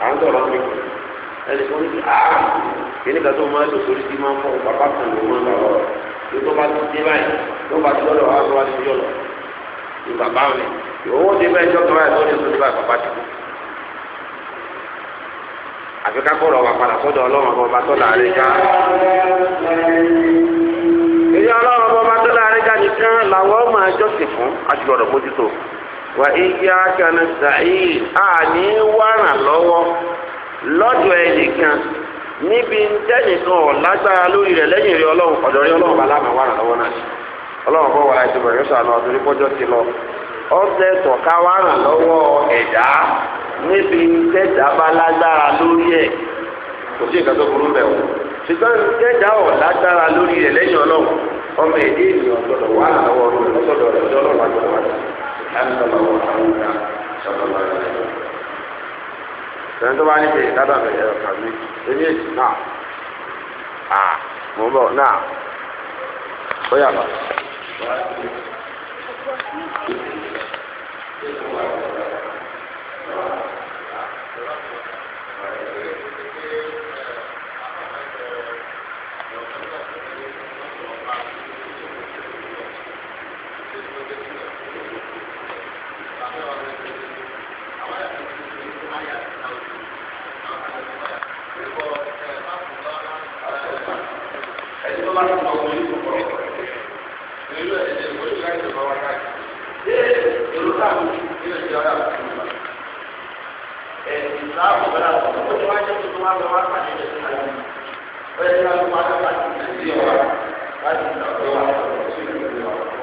àwọn sọ̀rọ̀ mi ẹni kò ní àá ah, kíní kan tó máa ń lò sórí tí máa ń fọ bàbá kan ló máa ń lọ tó tó bá ti dé báyìí tó bá ti lọ́dọ̀ wá tó bá ti yọ lọ ní bàbá mi owó dé báyìí tó kàn báyìí tó dé báyìí bàbá ti kú. àfi ká kọ̀rọ̀ wà padà sọ́dọ̀ ọlọ́run ọba ọba tó láàrin ká. èyí ọlọ́run ọba ọba tó láàrin ká nìkan làwọn máa jọ́sìn fún àti gbọ́dọ̀ mójútó. wà ìyá kanasàáyì àní wàrà lọ́wọ́ lọ́dọ̀ ẹnìkan níbi lágbára lórí rẹ̀ lẹ́yìn ọlọ́run ọ̀dọ̀ ọlọ́run bàlá àmà wàrà lọ́wọ́ náà ọlọ́run wàrà ìtumọ̀ ọdún ní pọ́jọ́ ti lọ ọ̀sẹ̀ tọ̀ka wàrà lọ́wọ́ ẹ̀dá níbi tẹ́jà bá lágbára lórí ẹ̀ kò sí burú bẹ̀ wọ́n ṣùgbọ́n tẹ́jà ọ̀ lágbára lórí rẹ̀ lẹ́yìn ọlọ́run ọmọ ẹ̀dá ènìyàn ọ̀dọ̀ wàrà lọ́wọ́ ọ̀dọ̀ ọ̀dọ̀ lánàá tó bá ní pé dábàá bẹ̀rẹ̀ ọ̀kà mi, èmi èsì náà. À mò ń bọ̀ náà. Ó yàgbà. Thank bá tó ọmọ yìí kọ̀ ọ̀rọ̀ ìlú ẹ̀jẹ̀ ìwé ìlú láti ọ̀rọ̀ wọn káàkiri èrò táwọn ìlú ẹ̀jẹ̀ ọ̀rọ̀ àwọn ìlú ẹ̀sìn láàbò bẹ́ẹ̀ àwọn ọmọ tó wájú tó wá lọ wá pàdé ẹ̀sìn láàbò ọ̀rẹ́ ìlú àwọn ọmọ adá